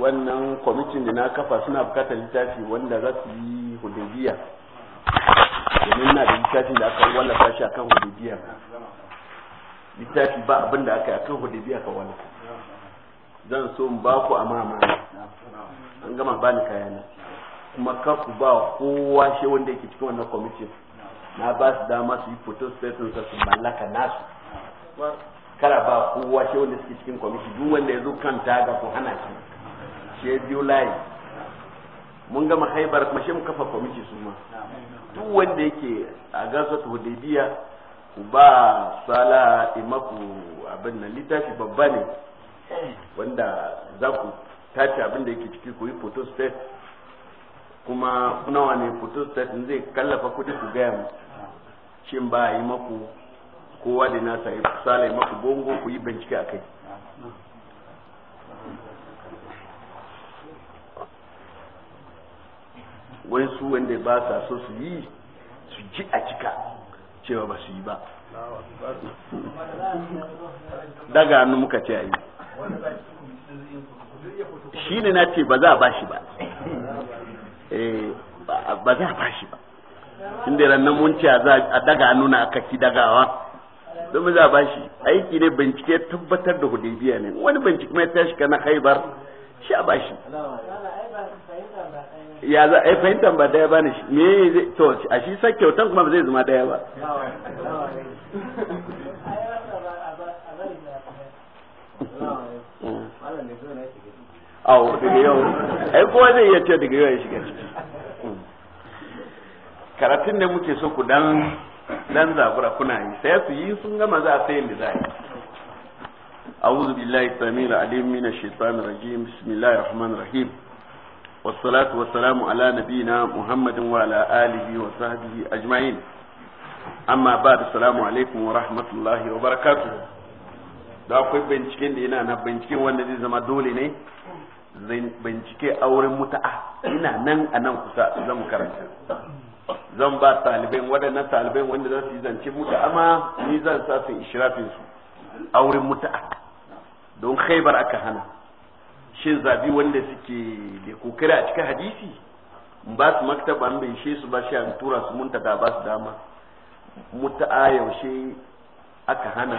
wannan kwamitin da na kafa suna bukatar littafi wanda za su yi hudubiya domin na da littafin da aka wallafa shi akan hudubiya littafi ba abin da aka yi akan hudubiya ka wallafa zan so in ba ku amama an gama ba kaya kayana kuma kar ku ba kowa shi wanda yake cikin wannan kwamitin na ba su dama su yi foto session sa su mallaka nasu kara ba kowa shi wanda suke cikin kwamitin duk wanda ya zo kan taga ku hana shi shi ya biyo layi mun gama haibar kuma shi mu kafa kwamiti su ma duk wanda yake a gasar hudaybiya ku ba sala imaku abin nan littafi babba ne wanda za ku tace abin da yake ciki ku yi photo kuma nawa ne photo state in zai kallafa kudi ku gaya mu shin ba yi maku kowa da nasa sala imaku bongo ku yi bincike a kai wai su wanda ba sa so su yi su ji a cika cewa ba su yi ba daga hannu muka ce a yi shi ne na ce ba za a ba shi ba eh, ba za a ba shi ba inda rannan mun ce a daga hannu na aka ki dagawa domin za a ba shi aiki ne bincike tabbatar da hudaybiya ne wani bincike mai tashi kana haibar shi a ba shi ya za a eh, fahimtar ba daya ba ne me zai to a shi sa kyautan kuma ba zai zama daya ba awo daga yau ai kowa zai iya cewa daga yau ya shiga ciki karatun da muke so ku dan dan zabura kuna yi sai su yi sun gama za a sayin da za أعوذ بالله السميع العليم من الشيطان الرجيم بسم الله الرحمن الرحيم والصلاة والسلام على نبينا محمد وعلى آله وصحبه أجمعين أما بعد السلام عليكم ورحمة الله وبركاته da akwai binciken da yana na binciken wanda zai zama dole ne bincike auren muta'a ina nan a nan kusa zan karanta zan ba talibai waɗannan talibai wanda za su yi zance muta'a ma ni zan sa su ishirafin su auren muta'a don khaibar aka hana ce zabi wanda suke da kokari a cikin hadisi ba su maktaba an bai su ba shi an tura su mun da ba su dama muta'a yaushe aka hana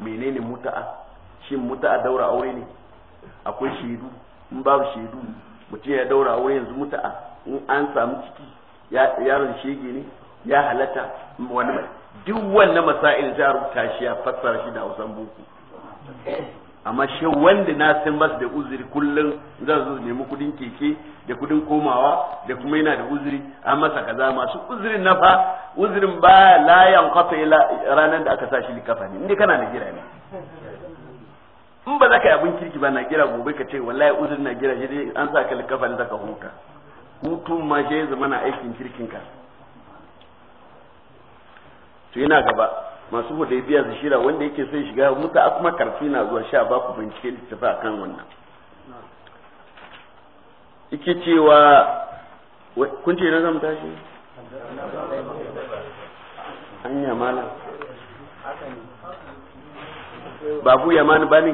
menene muta'a shin muta'a daura aure ne akwai shaidu in babu shaidu mutum ya daura aure yanzu muta'a in an samu ciki yaron shege ne ya halatta wani duk wannan masail za a rubuta shi ya fassara shi da hausan boko amma shi wanda na san basu da uzuri kullum za su nemi kudin keke da kudin komawa da kuma yana da uzuri an masa kaza masu uzurin na fa uzurin ba la yanqata ila ranar da aka sa shi ne inda kana na gira ne in ba za ka yi abin kirki ba na gira gobe ka ce wallahi uzurin na gira shi an sa ka kafani za ka huta hutun ma shi zama na aikin kirkin ka to yana gaba masu hudaybiya su shira wanda yake sai shiga muta kuma karfi na zuwa sha ba ku bincike littafi akan wannan yake cewa kun ce na zan tashi anya mala babu yamani ba ne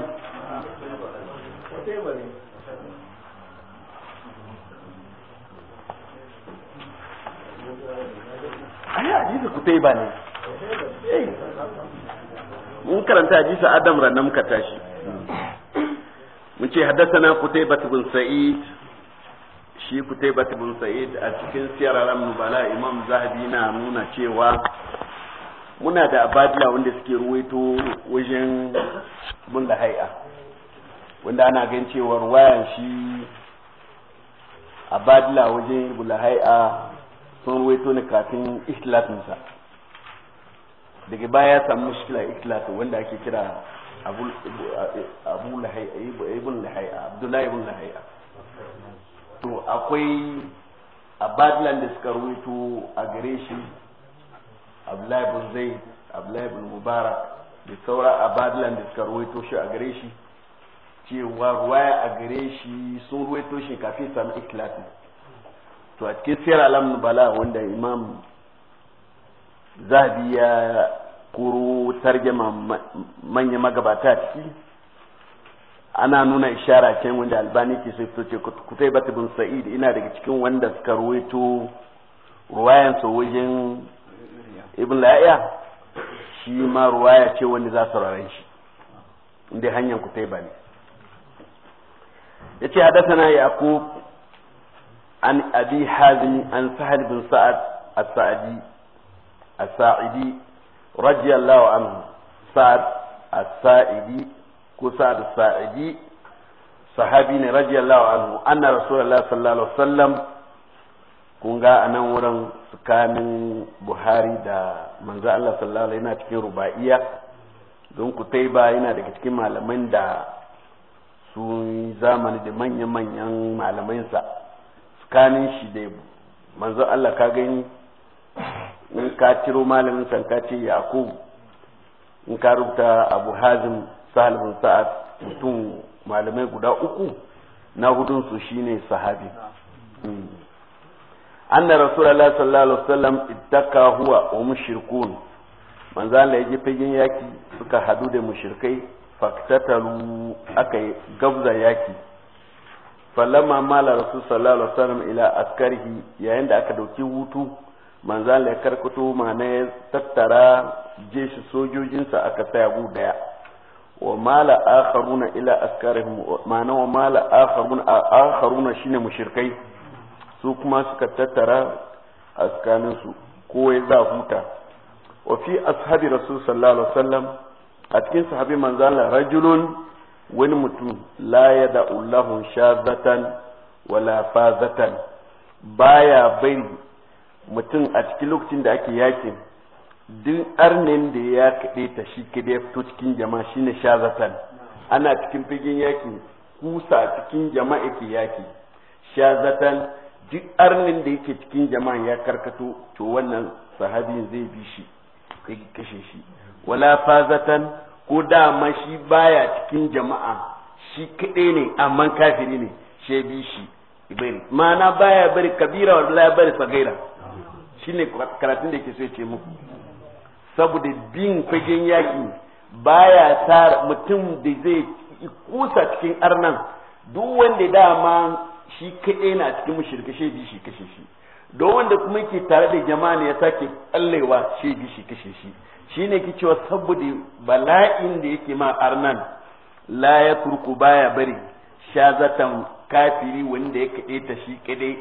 ai hadisi kutai ba ne eh. mun karanta hadisi adam ran muka tashi mun ce haddathana Qutaybah bin sa'id shi Qutaybah bin sa'id a cikin siyararan bala imam zahabi na nuna cewa muna da abadila wanda suke ruwaito wajen da lahai'a wanda ana gan cewa wayan shi abadila wajen bulahai'a sun ruwaito ne kafin islatinsa daga baya ya samu mushkila ikhlas wanda ake kira abu ibn abdullahi ibn lahaya to akwai a badland da suka ruwaito a gare shi abdullahi ibn zaid abdullahi ibn mubarak da saura a badland da suka ruwaito shi a gare shi cewa ruwaya a gare shi sun ruwaito shi kafin samu ikhlas to a cikin sirar alam bala wanda imam zabi ya kuru tarjama manya magabata ciki ana nuna ishara can wanda albani ke sai fito ce kutai bin sa'id ina daga cikin wanda suka ruwaito ruwayan su wajen ibn la'iya shi ma ruwaya ce wanda za su raren shi inda hanyar kutai ba ne yace hadathana yaqub an abi hazim an sahal bin sa'ad a sadi الساعدي saidi الله عنه sa'ad الساعدي saidi ko sa'ad رضي saidi sahabi ne رسول الله صلى الله عليه وسلم wasallam جاء ga anan wurin tsakanin buhari da manzo Allah الله عليه yana cikin rubaiya don kutaiba yana daga cikin malaman da sun zamani da manya-manyan sa, tsakanin shi da manzo Allah ka gani in ka ciro malamin san ka ce yakub in ka rubuta abu hazim sahal sa'ad mutum malamai guda uku na hudun su shine sahabi hmm. anna rasulullah sallallahu alaihi wasallam ittaka huwa wa mushrikun manzo Allah ya je fagen yaki suka hadu da mushrikai faktatalu aka gabza yaki falamma mala rasul sallallahu alaihi wasallam ila askarihi yayin da aka dauki hutu manzan ya karkato mana ya tattara jeshi sojojinsa aka tsaya bu daya wa mala akharuna ila askarihim ma'ana wa mala akharuna akharuna shine mushrikai su kuma suka tattara askanin su ko ya za huta wa fi ashabi rasul sallallahu alaihi wasallam a cikin sahabi manzan Allah rajulun wani mutum la yada'u lahu shazatan wala fazatan baya bai mutum a cikin lokacin da ake yakin duk arnin da ya kaɗe ta shi kaɗe ya fito cikin jama'a shine shazatan ana cikin fagen yaki kusa cikin jama'a ke yaki shazatan duk arnin da yake cikin jama'a ya karkato to wannan sahabi zai bi shi kai kashe shi wala fazatan ko dama shi baya cikin jama'a shi kaɗai ne amma kafiri ne shi bi shi ibari ma'ana baya bari kabira wala bari sagaira shine karatun da ke so ce muku saboda bin fagen yaki baya sa mutum da zai kusa cikin arnan duk wanda dama shi kaɗai na cikin mushirka shi bi shi kashe shi don wanda kuma yake tare da jama'a ne ya sake tsallewa shi bi shi kashe shi shine ke cewa saboda bala'in da yake ma arnan la ya turku baya bari shazatan kafiri wanda ya kaɗe ta shi kaɗai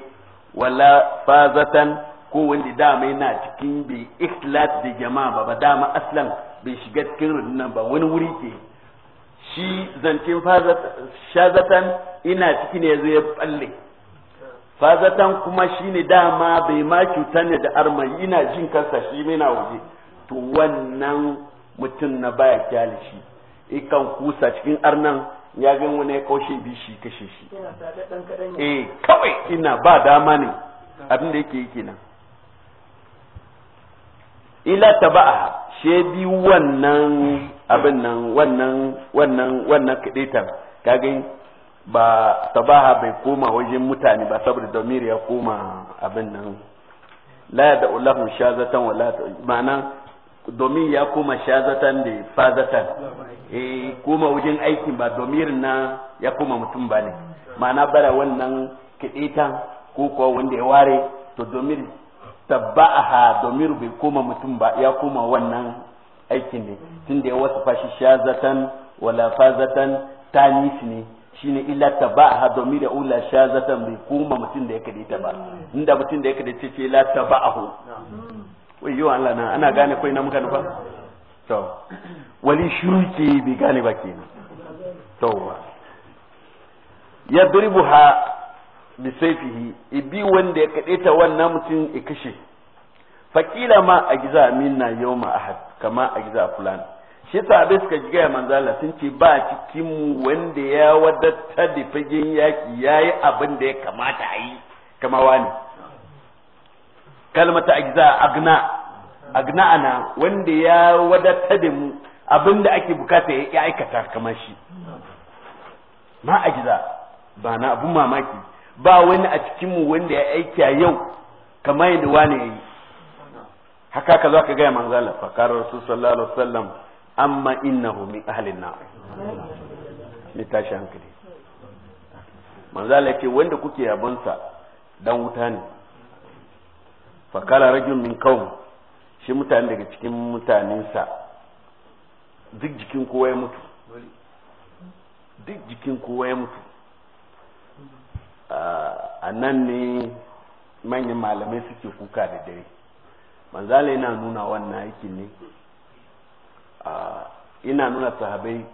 wala fazatan ko wanda dama yana cikin bai ikhlas da jama'a ba ba dama aslan bai shiga cikin rundunan ba wani wuri ke shi zancen shazatan ina ciki ne zai balle fazatan kuma shine dama bai ma cuta ne da arma ina jin kansa shi mai na waje to wannan mutum na baya kyale shi ikan kusa cikin arnan ya gan wani ya kaushe bi shi kashe shi eh kawai ina ba dama ne abin da yake yi kenan ila taba'a she bi wannan abin nan wannan wannan wannan kadaitar kage ba tabaha bai koma wajen mutane ba saboda damir ya koma abin nan la da ulahum shazatan wala ma'ana domin ya koma shazatan da fazatan eh koma wajen aikin ba domirin na ya koma mutum ba ne ma'ana bara wannan kadaitan ko kuwa wanda ya ware to domin tabba'aha domin bai koma mutum ba ya koma wannan aikin ne tun da ya wasu fashi shazatan wala fazatan tanis ne shine illa tabaha domin da ula shazatan bai koma mutum da ya kadita ba inda mutum da ya kadace ce la tabahu wai yau Allah na ana gane kai na muka nufa to wani shirki bai gane ba kenan to buha bisaifihi ibi wanda ya kaɗe ta wannan mutum ya kashe fakila ma a giza minna yau ma ahad kama a giza fulan shi yasa abin suka ji gaya manzala sun ce ba cikin wanda ya wadatta da fagen yaki ya yi abin da ya kamata a yi kama wani kalmata a giza agna agna ana wanda ya wadatta da mu abin da ake bukata ya aikata kamar shi ma a giza ba na abun mamaki ba wani a cikinmu wanda ya aiki a yau kamar yadda wani ya yi haka ka za ka gaya fa fakarar rasul sallallahu alaihi wasallam amma innahu min ahlin nar ni tashi hankali manzala yake wanda kuke yabonsa dan wuta ne kala rajul min qaum shi mutane daga cikin mutanensa duk jikin kowa ya mutu duk jikin kowa ya mutu a nan ne manyan malamai suke kuka da dare manzala yana nuna wannan aikin ne ina nuna sahabai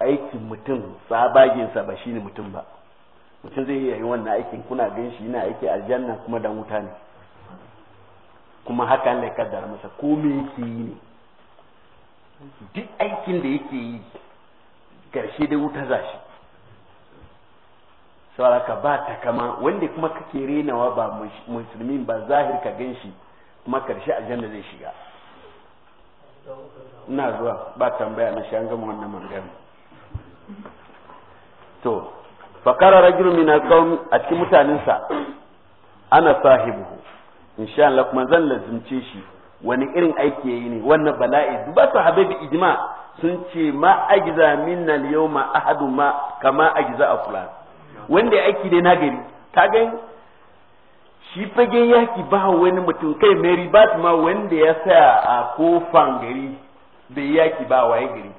aikin mutum sahabaginsa ba shi ne mutum ba mutum zai iya yi wannan aikin kuna gan shi yana aiki aljanna kuma dan wuta ne kuma hakan ne kaddara masa komai yake yi ne duk aikin da yake yi karshe dai wuta zashi sauraka ba kama, wanda kuma kake renawa ba musulmin ba zahir ka gan shi kuma karshe aljanna zai shiga ina zuwa ba tambaya na shan gama wannan magana to fakara rajulun min alqawm a cikin mutanensa ana sahibuhu insha Allah kuma zan lazimce shi wani irin aiki yayi ne wannan bala'i duba sahabbai bi ijma sun ce ma ajiza minna al-yawma ahadu ma kama ajiza a fulan wanda ya aiki dai nagari ta gan shi fagen yaki ba wani mutum kai mary bat ma wanda ya saya a kofan gari da yaki ba waye gari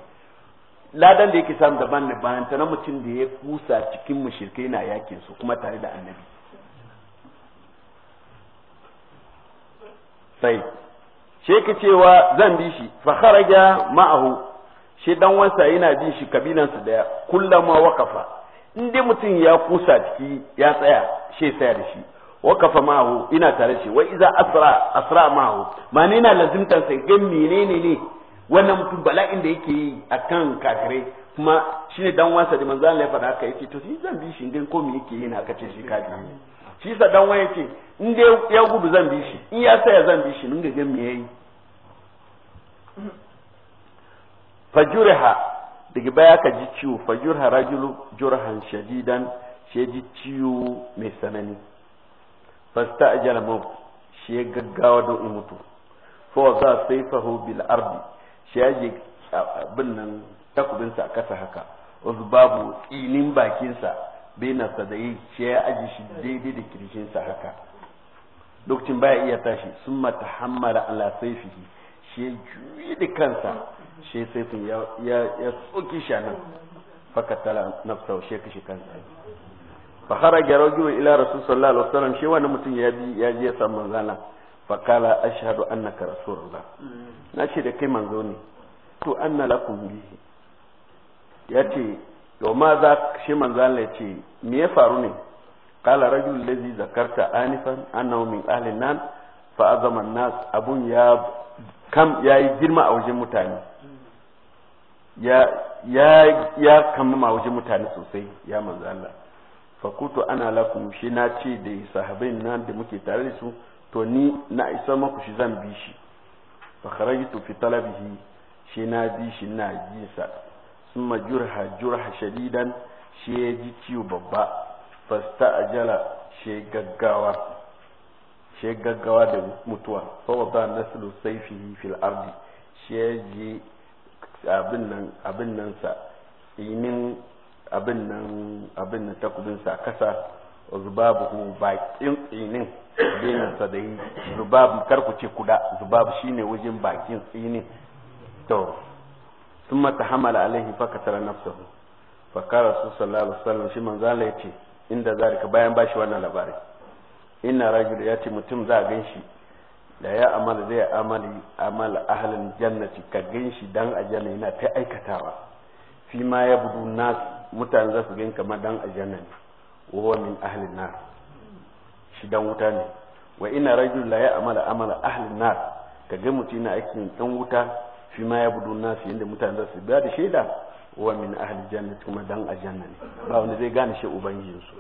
ladan da yake samu daban da bayan ta na mutum da ya kusa cikin mushrikai na yakin su kuma tare da annabi sai she ka cewa zan bi shi fa kharaja ma'ahu shi dan wansa yana bi shi kabilan su daya kullama waqafa in dai mutum ya kusa ciki ya tsaya she tsaya da shi wa kafa mahu ina tare shi wa iza asra asra mahu ma ne na lazimtan sai ga menene ne wannan mutum bala'in da yake yi akan kafire kuma shine dan wasa da manzo Allah ya faɗa haka yace to shi zan bi shi gan ko me yake yi na aka ce shi kafi shi sa dan waya ce in dai ya gudu zan bi shi in ya tsaya zan bi shi mun ga gan me yayi fajuriha daga baya ka ji ciwo fa jurha rajulu jurhan shadidan shi ji ciwo mai sanani fasta ajala maut shi ya gaggawa don in mutu fa wa sai saifahu bil ardi shi ya je abin nan takubinsa a kasa haka wasu babu tsinin bakinsa bai na sadayi shi ya aji shi daidai da kirshinsa haka lokacin baya iya tashi sun mata hammara ala saifihi shi ya juyi da kansa shi sai tun ya tsoki shi nan fakatala nafsa shi kashi kansa fa kharaja rajul ila rasul sallallahu alaihi wasallam shi wani mutum ya bi ya je san manzana fa kala ashhadu annaka rasulullah na ce da kai manzo ne to anna lakum bihi ya to ma za shi manzana ya ce me ya faru ne kala rajul ladzi zakarta anifan annahu min ahli nan fa azama nas abun ya kam yayi girma a wajen mutane ya ya ya kammama wajen mutane sosai ya manzo Allah ana lakum shi na ce da sahabai nan da muke tare da su to ni na isa maku shi zan bi shi fa kharajtu fi talabihi shi na bi shi na ji sa summa jurha jurha shadidan shi ya ji ciwo babba fasta ajala shi gaggawa shi gaggawa da mutuwa fa wada naslu sayfihi fil ardi shi ya ji abin nan abin nan sa inin abin nan abin nan takubin sa kasa zubabu bakin tsinin binin sa da yi zubabu karku ce kuda zubabu shine wajen bakin tsinin to thumma tahammala alaihi katara nafsuhu kar su sallallahu alaihi wasallam shi manzo Allah yace inda zalika bayan bashi wannan labari inna rajul yati mutum za a ganshi Da ya amala zai amali amal ahlin jannati ka gan shi dan aljanna yana ta aikatawa fi ma ya budu nas mutane za su gan kamar dan aljanna ne wa min ahlin nar shi dan wuta ne wa ina rajul la ya amala amala ahlin nar ka ga mutum yana aikin dan wuta fi ma ya budu nas yanda mutane za su ba da shaida wa min ahlin jannati kuma dan aljanna ne ba wanda zai gane shi ubangijinsu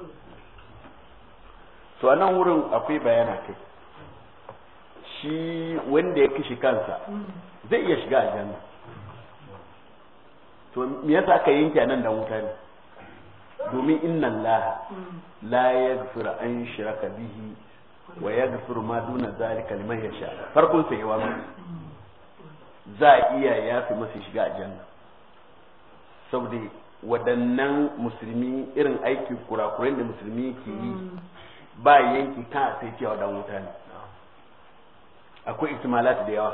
to anan wurin akwai bayana kai shi wanda ya kashe kansa zai iya shiga aljanna to me yasa aka yanke nan da wuta ne domin inna Allah la yaghfir an shiraka bihi wa yaghfir ma duna zalika liman yasha farkon sai yawa za a iya yafi masa shiga aljanna saboda waɗannan musulmi irin aikin kurakuren da musulmi ke yi ba yanki ka sai cewa dan wuta ne akwai istimalat da yawa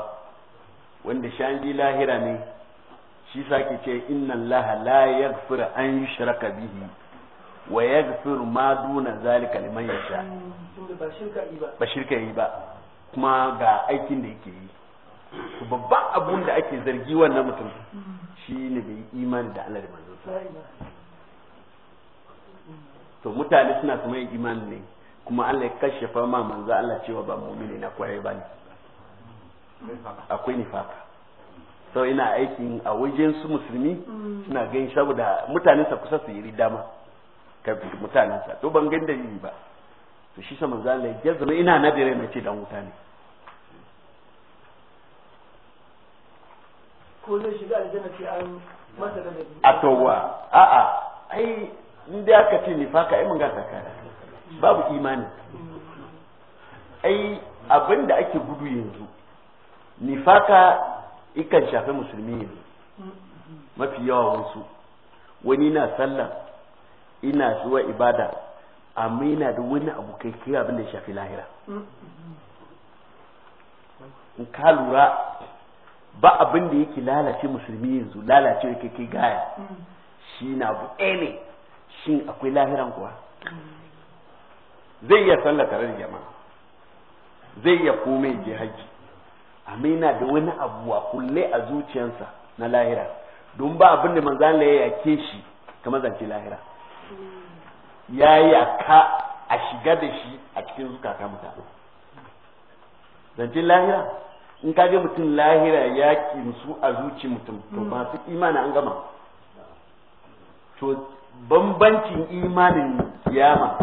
wanda shanji lahira ne shi sake ce inna allaha la yaghfiru an yushraka bihi wa yaghfiru ma duna zalika liman yasha ba shirka yi ba kuma ga aikin da yake yi babban abun da ake zargi wannan mutum shi ne bai imani da Allah da manzo to mutane suna kuma yin imani ne kuma Allah ya kashe fama manzo Allah cewa ba mu'mini na kwaye ba ne akwai nifaka sau ina aikin a wajen su musulmi suna gani saboda sa kusa su yi dama mutanen sa to ban gan dalili ba to shi sama za zalai zama ina na bere mai ce dan wuta ne ko zai shiga aljanna ce an masa da a towa a a ai in da aka ce nifaka ai mun ga sakara babu imani ai abin da ake gudu yanzu nifaka ikan shafi musulmi ne mafi yawa wasu wani na sallah ina zuwa ibada amma yana da wani abu kai kai abin da ya shafi lahira in ka lura ba abin da yake lalace musulmi yanzu lalace kai kai gaya shi na abu ne shin akwai lahiran kuwa zai iya sallah tare da jama'a zai iya komai je haji amma yana da wani abu a kulle a zuciyarsa na lahira don ba abin da manzan ya yake shi ka zance lahira ya yaka a shiga da shi a cikin zukata mutane zance lahira in ka ga mutum lahira ya kinsu a zuci mutum to ba hmm. su imani an gama to bambancin imanin kiyama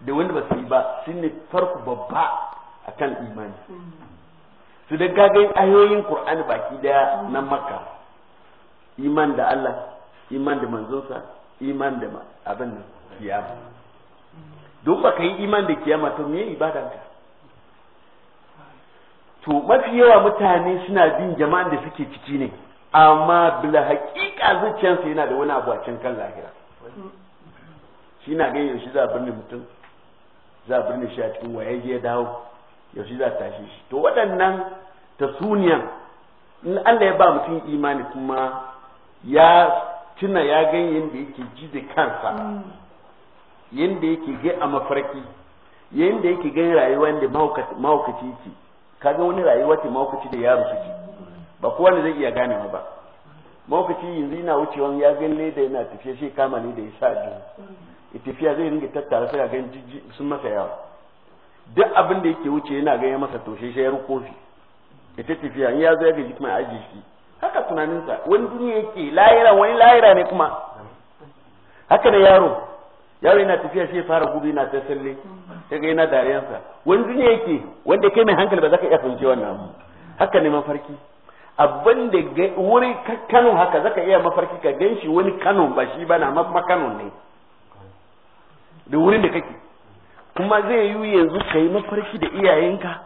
da wanda ba su yi ba ne farko babba akan imani hmm. su da gagai ayoyin Qur'ani baki daya na Makka iman da Allah iman da manzonsa iman da abin nan kiyama duk ba yi iman da kiyama to me ka to mafi yawa mutane suna bin jama'an da suke ciki ne amma bila hakika zuciyarsa yana da wani abu a can kan lahira shi na ganin yaushe za a birni mutum za a birni shi a cikin waye ya dawo yaushe za ta tashi shi to waɗannan tatsuniyan, in Allah ya ba mutum imani kuma ya tuna ya gan yadda yake ji da kansa yadda yake gai a mafarki yadda yake gan rayuwa da mahaukaci ka kaga wani rayuwa ce mahaukaci da yaro suke ba kowane zai iya gane ganewa ba mahaukaci yanzu yana wucewa ya gan leda yana tafiya shi kama ne da ya sa ji tafiya zai ringa tattara sai ga gan sun masa yawa duk abin da yake wuce yana gaya masa toshe shi ya ya ita tafiya ya zo ya gaji kuma ajiye shi haka tunaninsa wani duniya yake layira wani layira ne kuma haka da yaro yaro yana tafiya shi ya fara gudu yana ta salle ta ga yana dariyarsa wani duniya yake wanda kai mai hankali ba za ka iya fahimci wannan abu haka ne mafarki abin da wuri kano haka zaka iya mafarki ka gan shi wani kano ba shi ba na makano ne da wurin da kake kuma zai yi yanzu ka yi mafarki da iyayenka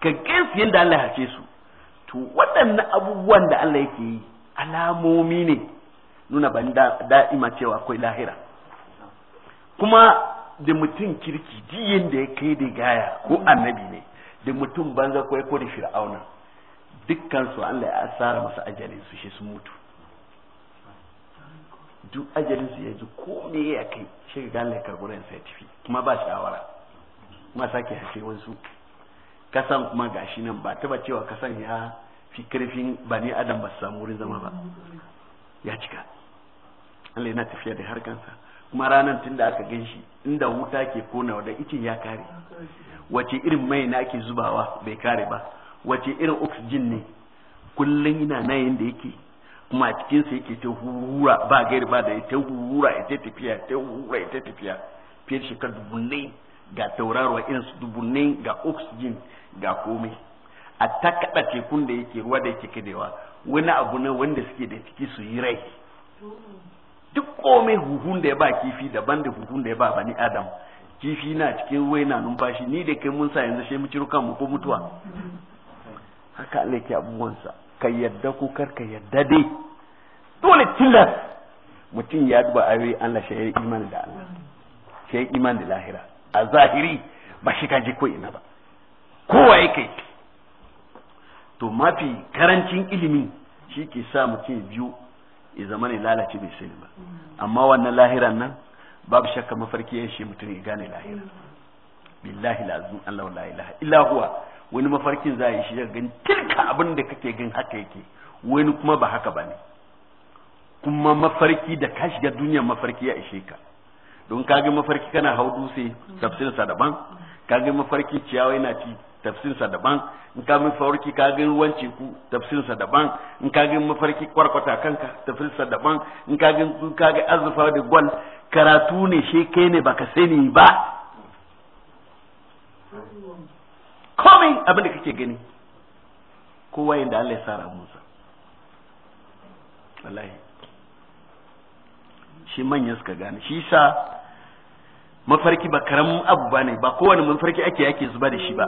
ka gaisu yadda Allah ya ce su to waɗannan abubuwan da Allah yake yi alamomi ne nuna ban da'ima cewa akwai lahira kuma da mutum kirki diyin da ya kai da gaya ko annabi ne da mutum banza ko ko da fir'auna dukkan su Allah ya asara masu ajalin su shi sun mutu duk ajalin su ya ji kome ya kai shi ga Allah ya ya tafi kuma ba shawara masa sake haife wasu kasan kuma gashi nan ba taba cewa kasan ya fi karfin ba ne adam ba samu wurin zama ba ya cika Allah yana tafiya da harkansa kuma ranar tun da aka gan shi inda wuta ke konawa da ice ya kare wace irin mai na ake zubawa bai kare ba wace irin oxygen ne kullum na nayin da yake kuma cikinsa yake ta hurura ba gairi ba da ya ta hurura ya ta tafiya ta hurura ya ta tafiya fiye da shekaru ga tauraro irin su dubu ne ga oxygen ga komai a ta tekun da yake ruwa da yake kadewa wani abu ne wanda suke da ciki su yi rai duk komai huhun da ya ba kifi daban da huhun da ya ba bani adam kifi na cikin ruwa na numfashi ni da kai mun sa yanzu sai mu ciro kanmu ko mutuwa haka Allah yake abubuwansa ka yadda ko kar ka yadda dai dole tilas mutum ya duba ayoyi Allah shi ya imani da Allah shi imani da lahira a zahiri ba shi ka ji ko ina ba kowa ya to mafi karancin ilimi shi ke sa mutum ya biyu ya zama ne lalace bai sani ba amma wannan lahiran nan babu shakka mafarki ya shi mutum ya gane lahira billahi lazim Allah la ilaha illa huwa wani mafarkin za yi shi ya gan tilka abin da kake gan haka yake wani kuma ba haka bane kuma mafarki da ka shiga duniyar mafarki ya ishe ka don kage mafarki kana hau dutse tafsirin sa daban kage mafarki ciyawa yana ci tafsirin sa daban in ka mafarki kage ruwan ku tafsirin sa daban in kage mafarki kwarkwata kanka tafsirin sa daban in kage in kage azzufa da gwal karatu ne she kai ne baka sani ba komai abin da kake gani kowa yanda Allah ya sa ramunsa wallahi shi manya suka gane shi sa mafarki ba karamin abu ba ne ba kowane mafarki ake yake zuba da shi ba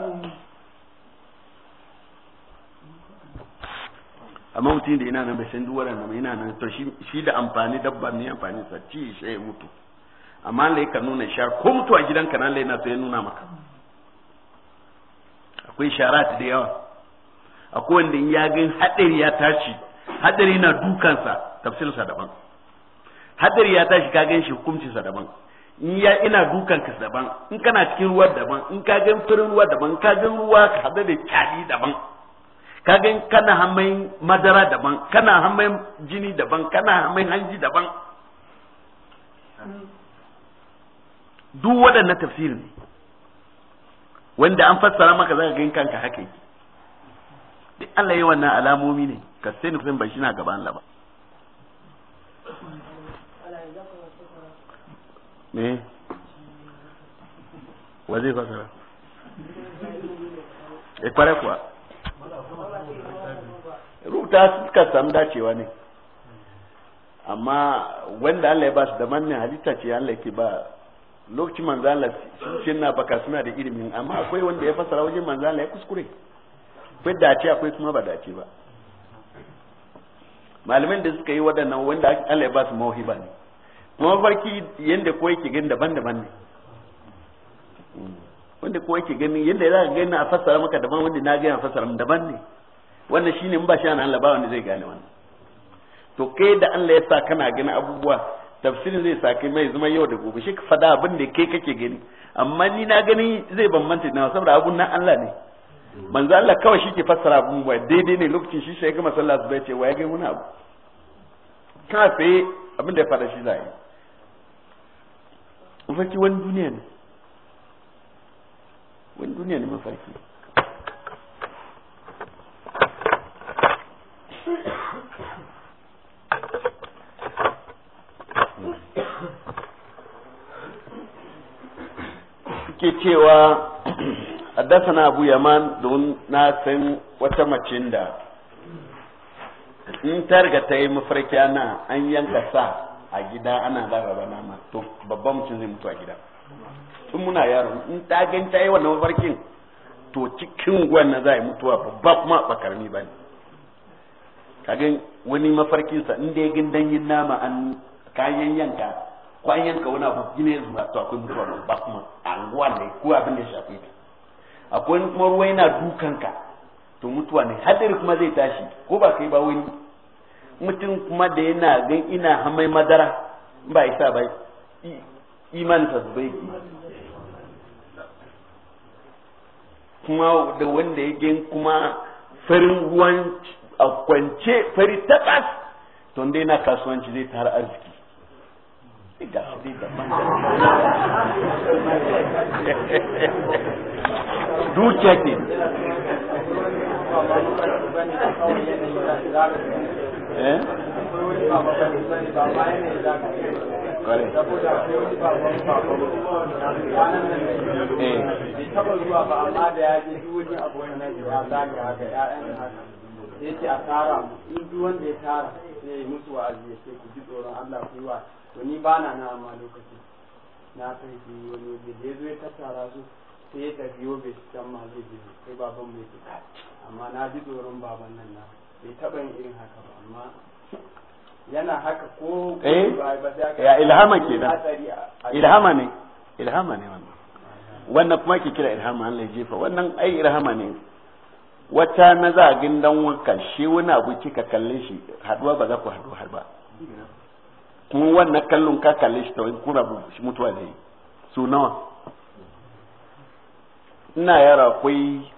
amma mutum da ina nan bai san duk nan ina nan to shi da amfani dabba mai amfani sa ci sai ya mutu amma Allah ya nuna shar ko mutu a gidanka nan Allah yana so ya nuna maka akwai sharat da yawa akwai wanda ya ga hadari ya tashi hadari na dukansa tafsirinsa daban hadari ya tashi ka gan shi hukuncin sa daban in ya ina dukan ka daban in kana cikin ruwa daban in ka gan firin ruwa daban ka gan ruwa ka hada da kyali daban ka gan kana hamayin madara daban kana hamayin jini daban kana hamayin hanji daban duk waɗannan tafsirin wanda an fassara maka zaka gan kanka haka yake duk Allah yi wannan alamomi ne ka sai nufin bai shi na gaban Allah ba me wa zai fasara e kware kuwa rubuta suka samu dacewa ne amma wanda Allah ya ba su da mannin halitta ce Allah yake ba lokacin manzo Allah sun na baka suna da ilimin amma akwai wanda ya fasara wajen manzo Allah ya kuskure akwai dace akwai kuma ba dace ba malamin da suka yi waɗannan wanda Allah ya ba su mawhiba ne mafarki yadda kowa yake gani daban-daban ne wanda kowa yake gani yadda za ka gani a fassara maka daban wanda na gani a fassara daban ne wannan shine ne ba shi an Allah ba wanda zai gane wannan to kai da Allah ya sa kana gani abubuwa tafsirin zai sa kai mai zama yau da gobe shi ka fada abin da kai kake gani amma ni na gani zai bambanta na saboda abun nan Allah ne manzo Allah kawai shi ke fassara abun wa daidai ne lokacin shi sai ga masallaci bai ce wa ya gani wani abu kafe abin da ya fada shi zai mafarki wani duniya ne wani duniya ne mafarki ke cewa haddasa abu yaman don na san wata macin da in ta ta yi mafarki ana an yanka sa a gida ana laraba nama to babban mutum zai mutu a gida tun muna yaro in ta gan ta yi wannan mafarkin to cikin wannan za a yi mutuwa babba kuma ba karami ba ne kagan wani mafarkinsa in da ya gan danyen nama an kayan yanka kwan yanka wani abu gine zuwa to akwai mutuwa babba kuma a anguwa ne ko abin da ya shafi ta akwai kuma ruwa yana dukanka to mutuwa ne hadari kuma zai tashi ko ba kai ba wani mutum kuma da yana gan ina hamai madara ba isa ba iman bai kuma da wanda ya gan kuma farin ruwan a kwance fari takas to dai na kasuwanci zai tara arziki ga dukiya ke ya ce a tara in duk wanda ya tara sai musu wa'azi ya ce ku ji tsoron Allah ku wa to ni ba na na amma lokaci na kai ki wani waje da ya zo ya tattara su sai ya tafi yobe can ma zai sai baban mai fita amma na ji tsoron baban nan na bai taɓa yin irin haka ba amma yana haka ko eh ya ilhama kenan ilhama ne ilhama ne wannan wannan kuma ke kira ilhama Allah ya jefa wannan ai ilhama ne wata na za a gindan wanka shi wani abu kika kalle shi haduwa ba za ku haɗu har ba Ko wannan kallon ka kalle shi ta wani kuna shi mutuwa da yi su nawa ina yara akwai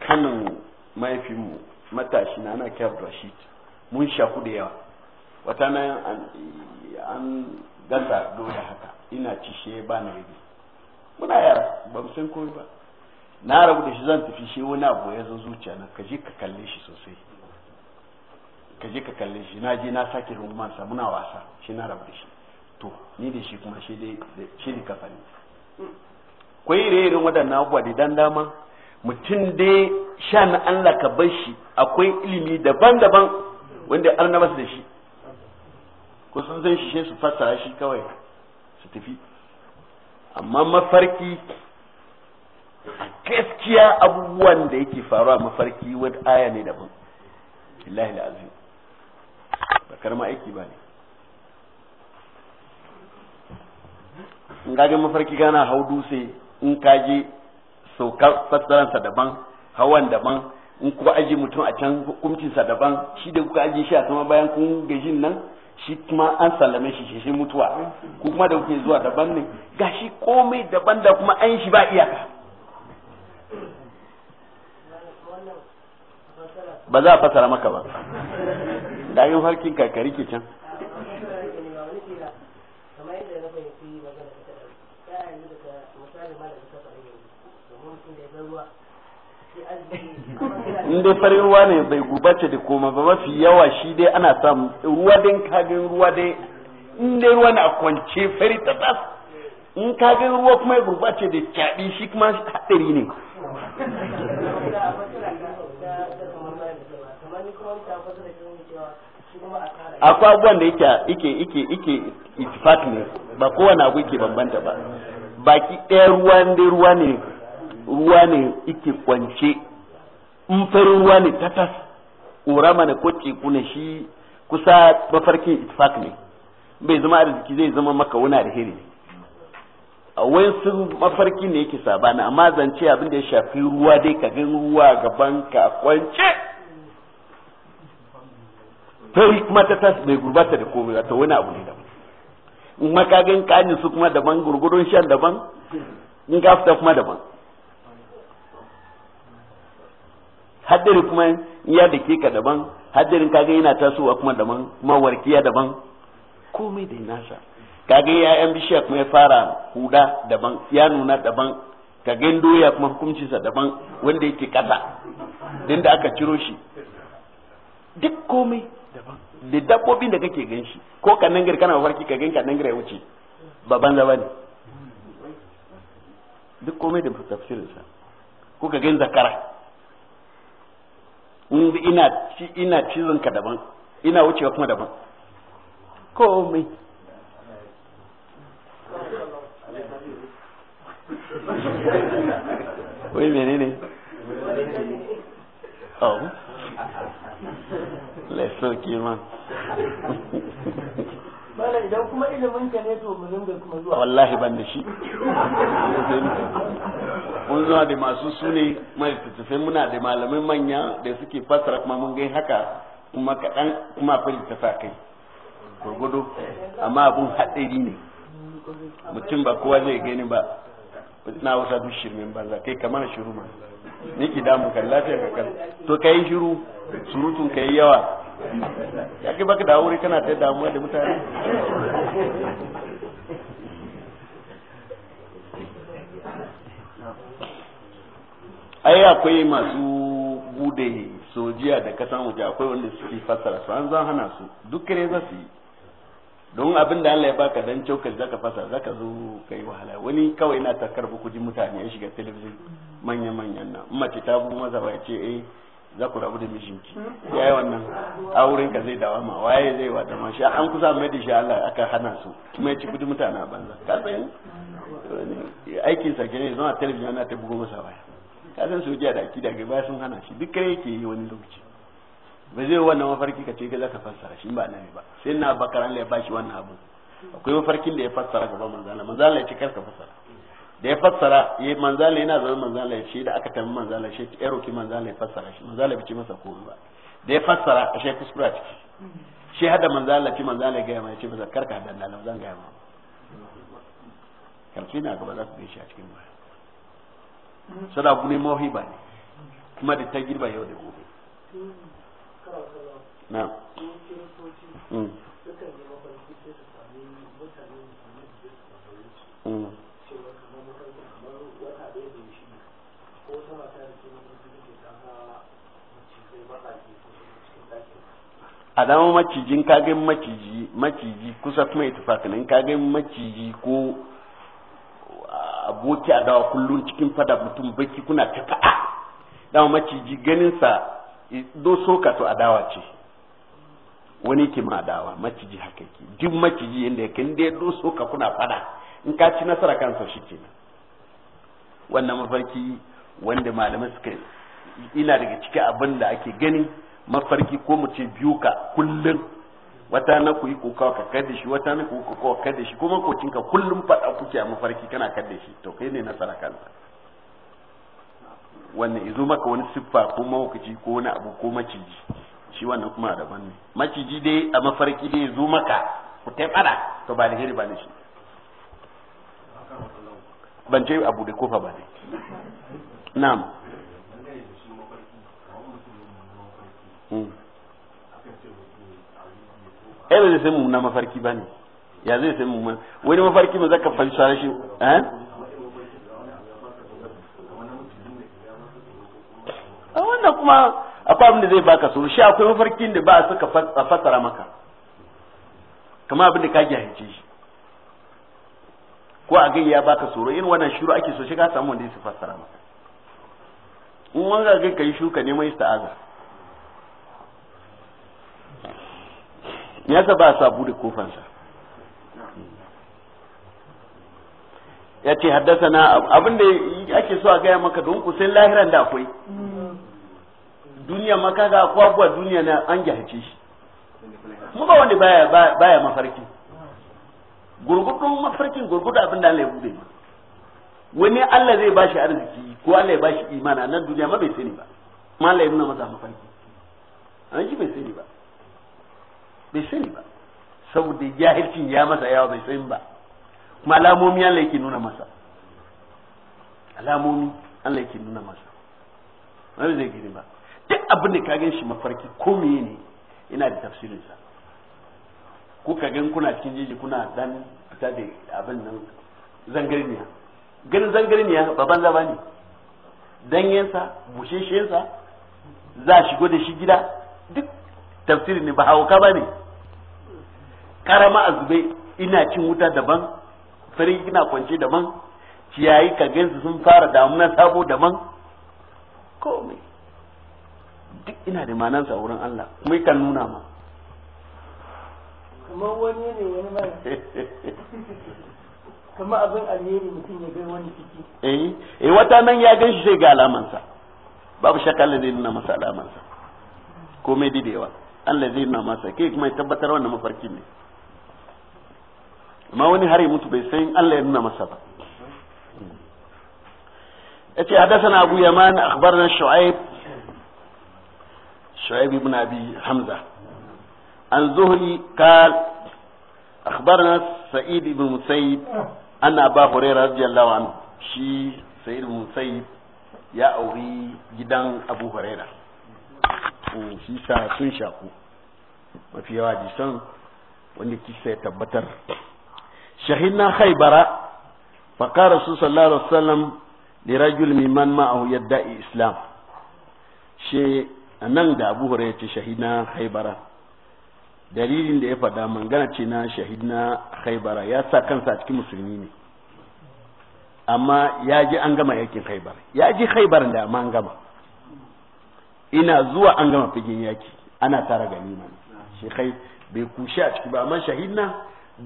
kanin mahaifinmu matashi na ana kiyar rashid mun shaku da yawa wata na an gasa doya haka ina ci shi ba na yi muna yara ba mu san komai ba na rabu da shi zan tafi shi wani abu ya zo zuciya na ka je ka kalle shi sosai ka je ka kalle shi na je na sake rumansa muna wasa shi na rabu da shi to ni da shi kuma shi ne kafani kwai ire wadannan waɗannan abubuwa da dan dama mutum dai sha na Allah ka bar shi akwai ilimi daban-daban wanda an na da shi ko sun san shi su fassara shi kawai su tafi amma mafarki gaskiya abubuwan da yake faruwa mafarki wani aya ne daban illahi la'azim ba karma aiki ba ne in kaje mafarki gana hau dutse in kaje saukar fassaransa daban hawan daban in kuka aji mutum a can hukuncinsa daban shi da kuka aji shi a sama bayan kun gajin nan shi kuma an sallame shi shi mutuwa ko kuma da kuke zuwa daban ne gashi komai daban da kuma an shi ba iyaka ba za a fasara maka ba da yin harkin kakari ke can in dai farin ruwa ne bai gubace da koma ba mafi yawa shi dai ana samu ruwa dai kagin ruwa dai in dai ruwa na kwance fari ta tas in kagin ruwa kuma ya gurbace da kyaɗi shi kuma haɗari ne akwai abubuwan da yake yake yake yake ittifaq ne ba kowane abu yake bambanta ba baki ɗaya ruwa ne ruwa ne ruwa ne yake kwance in farin ruwa ne tatas ƙorama mana ko teku ne shi kusa mafarkin itfak ne bai zama arziki zai zama maka wani alheri hiri a wayansu mafarki ne yake sabana amma zance abin da ya shafi ruwa dai ka gan ruwa gaban ka kwance fari kuma ta tas bai gurbata da komai wata wani abu ne daban in ma ka gan su kuma daban gurgurun shan daban in gafta kuma daban haddari kuma ya da ke ka daban haddarin kaga yana tasowa kuma daban kuma warkiya daban komai da nasa kaga yan bishiya kuma ya fara huda daban ya nuna daban kaga doya kuma hukuncinsa daban wanda yake kasa din da aka ciro shi duk komai daban da dabbobin da kake gan shi ko gari kana farki ka gan gari ya wuce baban da ne duk komai da tafsirinsa ko ka gan zakara in ina ci ina cizon ka daban ina wucewa kuma daban komai wai menene oh lesson kima Mala idan kuma ilimin ka ne to mu ringa kuma zuwa. Wallahi ban da shi. Mun zuwa da masu sune mai tattafai muna da malamin manya da suke fasara kuma mun gai haka kuma kaɗan kuma akwai littafa kai. Gurgudu amma abun haɗari ne. Mutum ba kowa zai gani ba. Na wasa duk shirmin banza kai kamar shiru ma. Niki damu kan lafiya ka kan. To kai shiru surutun kai yawa yake baka da aure kana ta damuwa da mutane ai akwai masu bude sojiya da kasan waje akwai wanda suke fassara su an zan hana su duk ne za su yi don abin da Allah ya baka dan cokal zaka fasa zaka zo kai wahala wani kawai na takar bukujin mutane ya shiga talabijin manya manyan nan mace ta bu maza ba ce eh za ku rabu da mijinki ya yi wannan auren ka zai dawa ma waye zai wata ma shi an kusa mai da shi Allah aka hana su kuma ya ci kudi mutane a banza ka san aikin sa gane zama talabijin ana ta bugo masa waya ka san su jiya da akida ga baya sun hana shi duk kare yake yi wani lokaci ba zai wannan mafarki ka ce ka zaka fassara shi ba nabi ba sai na bakaran la ya bashi wannan abu akwai mafarkin da ya fassara gaba manzala manzala ya ce kar ka fassara da ya fassara ya manzala yana zama manzala shi da aka tafi manzala shi ya roki manzala ya fassara shi manzala bai ce masa komai ba da ya fassara a shi kuskura ciki shi hada manzala ce manzala ya gaya ma ya ce masa karka hada Allah zan gaya ma karfi na gaba za su gaishe a cikin baya sada abu ne ba ne kuma da ta girba yau da gobe a zama macijin kagen maciji maciji kusa kuma ita fakanin kagen maciji ko aboki a dawa kullum cikin fada mutum baki kuna ta fa'a dama maciji ganinsa do ka to adawa ce wani ke ma adawa maciji haka ke duk maciji yadda ya kan dai do soka kuna fada in ka ci nasara kansa shi kenan wannan mafarki wanda malamai suka ina daga cikin abin da ake gani mafarki ko mu ce biyu ka kullum wata na ku yi kokawa ka kada shi wata na ku yi kokawa ka kada shi ko makocin ka kullum faɗa kuke a mafarki kana kada shi to kai ne nasara kanta wannan izo maka wani siffa ko mawukaci ko wani abu ko maciji shi wannan kuma daban ne maciji dai a mafarki dai izo maka ku ta fada to ba alheri ba ne shi ban ce abu da kofa ba ne na'am ya ba zai san mummunan mafarki ba ne ya zai san mummunan wani mafarki mai zaka falsa shi eh a wannan kuma akwai abin da zai baka tsoro shi akwai mafarkin da ba a suka fassara maka kama abin da ka jahilce shi ko a gai ya baka tsoro irin wannan shiru ake so shi ka samu wanda ya su fassara maka in wanga gai ka yi shuka neman ista'aza me yasa ba sa bude kofansa ya ce haddasa na abin da ake so a gaya maka don ku sai lahiran da akwai duniya maka ga akwai duniya na an gyahace shi mu ba wanda baya baya mafarki gurgudun mafarkin gurgudu abin da Allah ya bude wani Allah zai bashi arziki ko Allah ya bashi imana nan duniya ma bai sani ba ma Allah ya nuna masa mafarki an ji bai sani ba bai sani ba saboda jahilcin ya masa yawa bai sani ba kuma alamomi Allah yake nuna masa alamomi Allah yake nuna masa wani zai gini ba duk abin da ka gan shi mafarki ko meye ne ina da tafsirin sa ku ka gan kuna cikin jeji kuna dan fita da abin nan zangarniya ganin zangarniya baban zaba ne danyensa busheshensa za a shigo da shi gida duk tafsirin ne ba hauka ba ne karama azube ina cin wuta daban fari ina kwance daban ciyayi ka gansu sun fara damuna sabo daban komai duk ina da manan a wurin Allah kuma kan nuna ma kamar wani ne wani mara kuma abin alheri mutum ya ga wani ciki eh eh wata nan ya gan shi sai ga alamansa babu shakka da zai nuna masa alamansa komai didewa Allah zai na masa kai kuma ya tabbatar wannan mafarkin ne amma wani har ya mutu bai san Allah ya nuna masa ba yace hadathana Abu Yaman akhbarana Shu'aib Shu'aib ibn Abi Hamza an Zuhri qal akhbarana Sa'id ibn Musayyib anna Abu Hurairah radiyallahu anhu shi Sa'id ibn Musayyib ya auri gidan Abu Hurairah shi sa sun shaku mafi yawa jisan wanda kisa ya tabbatar shahidna haibara faƙa rasu sallallahu alaihi wasallam da rajul miman ma'ahu yadda islam she nan da abu hura ya ce shahidna haibara dalilin da ya faɗa mangana ce na shahidna haibara ya sa kansa a cikin musulmi ne amma ya ji an gama yakin haibar ya ji haibar da amma an gama ina zuwa an gama fagen yaki ana tara ganima ne shekai bai kushe a ciki ba amma shahid na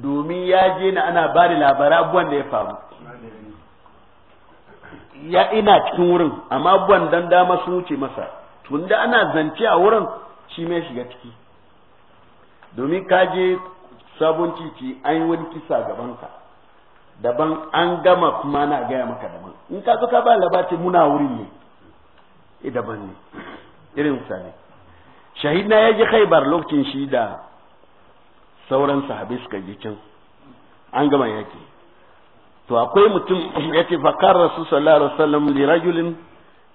domin ya je na ana ba da labarai abubuwan da ya faru ya ina cikin wurin amma abubuwan dan dama sun wuce masa tunda ana zance a wurin shi mai shiga ciki domin ka je sabon titi an yi wani kisa gabanka daban an gama kuma na gaya maka daban in ka zo ka ba labarin muna wurin ne eh ne irin sani. shahidna ya ji khaibar lokacin shi da sauran sahabi suka ji can an gama yaki to akwai mutum ya ce fakar rasu sallallahu alaihi wasallam li rajulin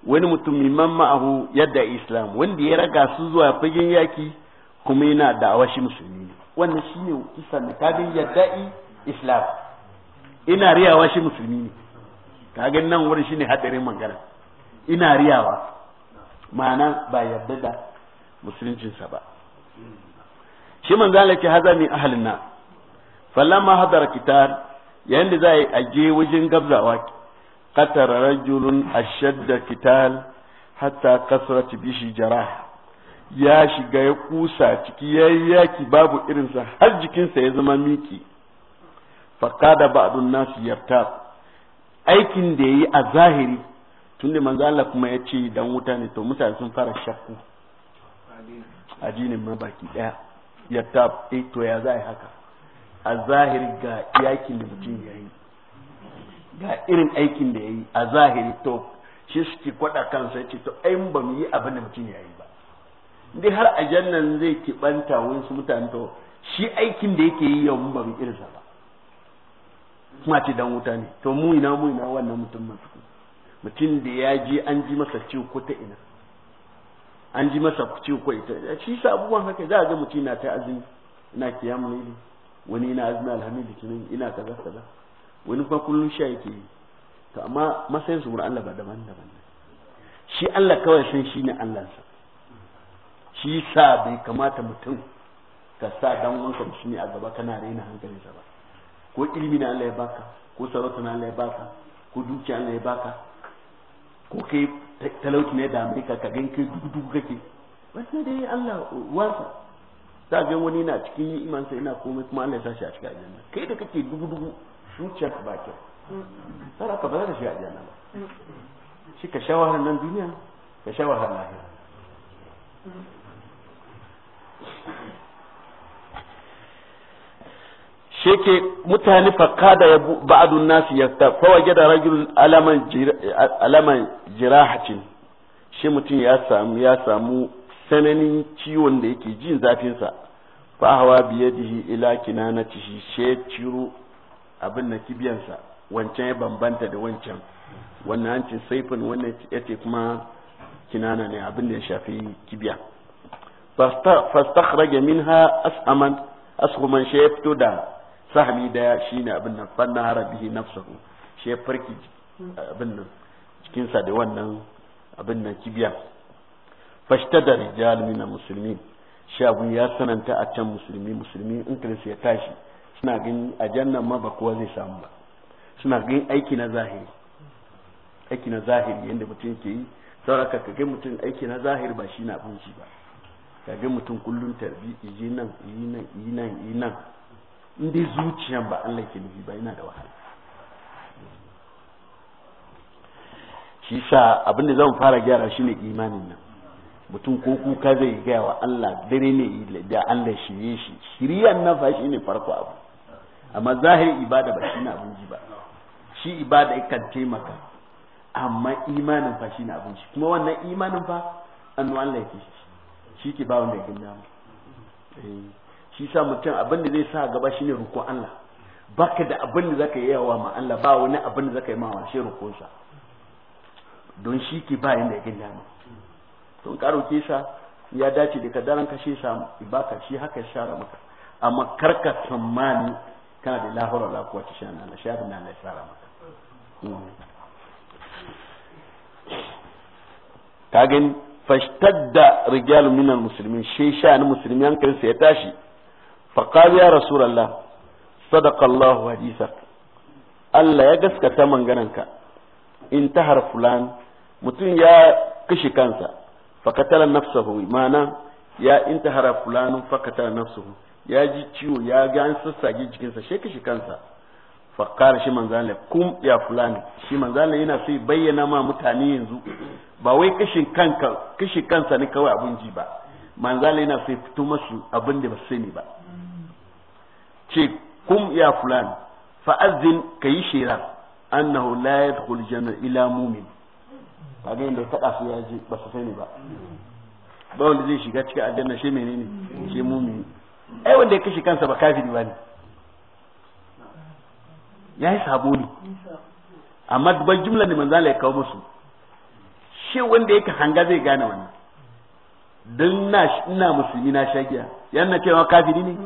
wani mutum mimman ma'ahu yadda islam wanda ya raga su zuwa fagen yaki kuma yana da'awa shi musulmi wannan shine kisan tabin yadda islam ina riyawa shi musulmi ne kaga nan wurin shine hadarin magana ina riyawa ma'ana ba yadda da musuluncinsa ba shi manzo Allah ce haza min ahlin na falamma hadara kitar yayin da za a aje wajen gabzawa qatara rajulun ashadda kital hatta kasrat bishi jarah ya shiga ya kusa ciki yayi yaki babu irinsa har jikinsa ya zama miki da ba'dun nas yarta. aikin da yayi a zahiri tunda manzo Allah kuma ya ce dan wuta ne to mutane sun fara shakku addinin ma baki daya ya tab eh to ya zai haka a zahiri ga yakin da mutum ya yi ga irin aikin da ya yi a zahiri to shi suke kwada kansa ce to ai ba mu yi abin da mutum ya yi ba dai har a jannan zai kibanta wasu mutane to shi aikin da yake yi yau mun ba mu irinsa ba kuma ce dan wuta ne to mu ina mu ina wannan mutum mutum da ya je an ji masa ciwo ko ta ina an ji masa kuce ko ita shi sa abubuwan haka za a ga mutum na ta azumi ina kiyamun ne wani ina azumi alhamdu kinin ina kaza kaza wani kuma kullun sha yake yi to amma matsayin su Allah ba daban daban shi Allah kawai san shi ne Allahnsa shi sa bai kamata mutum ka sa dan wanka shi ne a gaba kana raina sa ba ko ilimi na Allah ya baka ko sarauta na Allah ya baka ko dukiya Allah ya baka ko kai talauci ne da amurka ka gan kai dubu kake wasu dai Allah wasa za ga wani na cikin iman sa ina komai kuma Allah ya shi a cikin aljanna kai da kake dubu dubu zuciyar ba kyau sai ka ba shi a shiga aljanna ba shi ka shawara nan duniya ka shawara lahira sheke mutane fakka da ba'adun nasu ya fawaje da rajul alaman jirahatin shi mutum ya samu ya samu sananin ciwon da yake jin zafinsa fa hawa biyadihi ila shi she ciro abin na kibiyansa wancan ya bambanta da wancan wannan an ce saifin wannan yace kuma kinana ne abin da ya shafi kibiya fastakhraja minha as'aman asghuman she ya fito da sahmi daya shine abin nan fanna harabihi nafsuhu shi farki abin nan cikin sa da wannan abin nan kibiya fashtada rijal min muslimin shi abu ya sananta a can musulmi musulmi in ya tashi suna gani a jannan ma ba kowa zai samu ba suna gani aiki na zahiri aiki na zahiri yadda mutum ke yi sauraka ka ga mutum aiki na zahiri ba shi na abinci ba ka ga mutum kullum tarbi yi nan yi nan yi nan yi nan in dai zuciyan ba Allah ke nufi ba yana da wahala shi sa abin da zan fara gyara shi ne imanin nan mutum ko kuka zai gaya wa Allah dare ne da Allah shirye shi shiriyan nan fa shi ne farko abu amma zahiri ibada ba shi na abin ji ba shi ibada kan taimaka amma imanin fa shi na abin shi kuma wannan imanin fa annu Allah yake shi shi ke ba wanda ya gina mu eh. shi sa mutum abin da zai sa gaba shine rukun Allah baka da abin da zaka yi yawa ma Allah ba wani abin da zaka yi ma shi rukun sa don shi ki ba yanda yake dama don karo ke sa ya dace da kadaran kashe sa ibaka shi haka ya shara maka amma karka tsammani kana da lahura la kuwa ta shana na shafin nan na shara maka ka gani fashtadda rigyalu minal muslimin shi sha ni musulmi hankalinsa ya tashi faqal ya rasulullah sadaqallahu hadisak Allah ya gaskata mangananka intahar tahar fulan mutum ya kashe kansa fakatala nafsahu imana ya intahara fulanun fakatala nafsahu ya ji ciwo ya ga an sassage jikinsa shi kashe kansa fakkar shi manzan kum ya fulani shi manzan yana so bayyana ma mutane yanzu ba wai kashin kanka kashe kansa ne kawai abun ji ba manzan yana so fito masu abin da ba sani ba ce kum ya fulan fa'azzin ka yi shera annahu la yadkhul janna ila mumin kaga inda ya kada su ya ji ba su sani ba ba wanda zai shiga cikin aljanna shi ne shi mumin ai wanda ya kashe kansa ba kafiri ba ne ya yi sabo ne amma dubban jumla ne man Allah ya kawo musu shi wanda yake hanga zai gane wannan dan na musulmi na shagiya yana cewa kafiri ne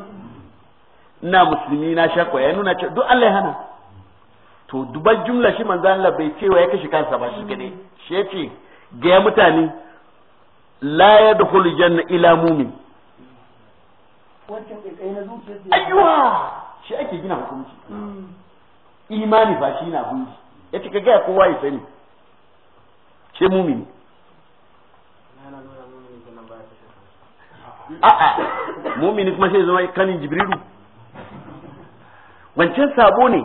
ina musulmi na sha kwaya nuna cewa duk Allah ya hana to dubar jumla shi manzo Allah bai cewa ya kashi kansa ba shi kadai shi yace ga mutane la yadkhulu janna ila mu'min aiwa shi ake gina hukunci hmm. imani ba shi na hukunci yace ka ga kowa ya sani ce mu'min a'a mu'mini kuma sai zama kanin jibrilu wancan sabo ne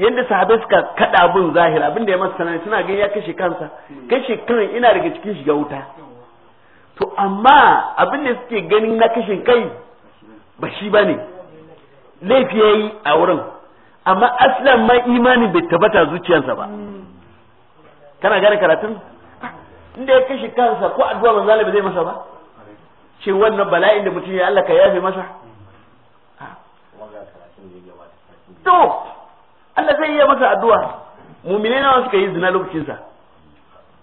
yadda sahabai suka kada bin zahir abin da ya masa sanani suna gani ya kashe kansa kashe kan ina daga cikin shiga wuta to amma abin da suke ganin na kashe kai ba shi ba ne laifi ya yi a wurin amma aslan ma imanin bai tabbata zuciyarsa ba kana gane karatun inda ya kashe kansa ko addu'a manzo zalibi zai masa ba ce wannan bala'in da mutum ya Allah ya yafe masa to Allah zai iya masa addu'a mu'mine nawa suka yi zina lokacin sa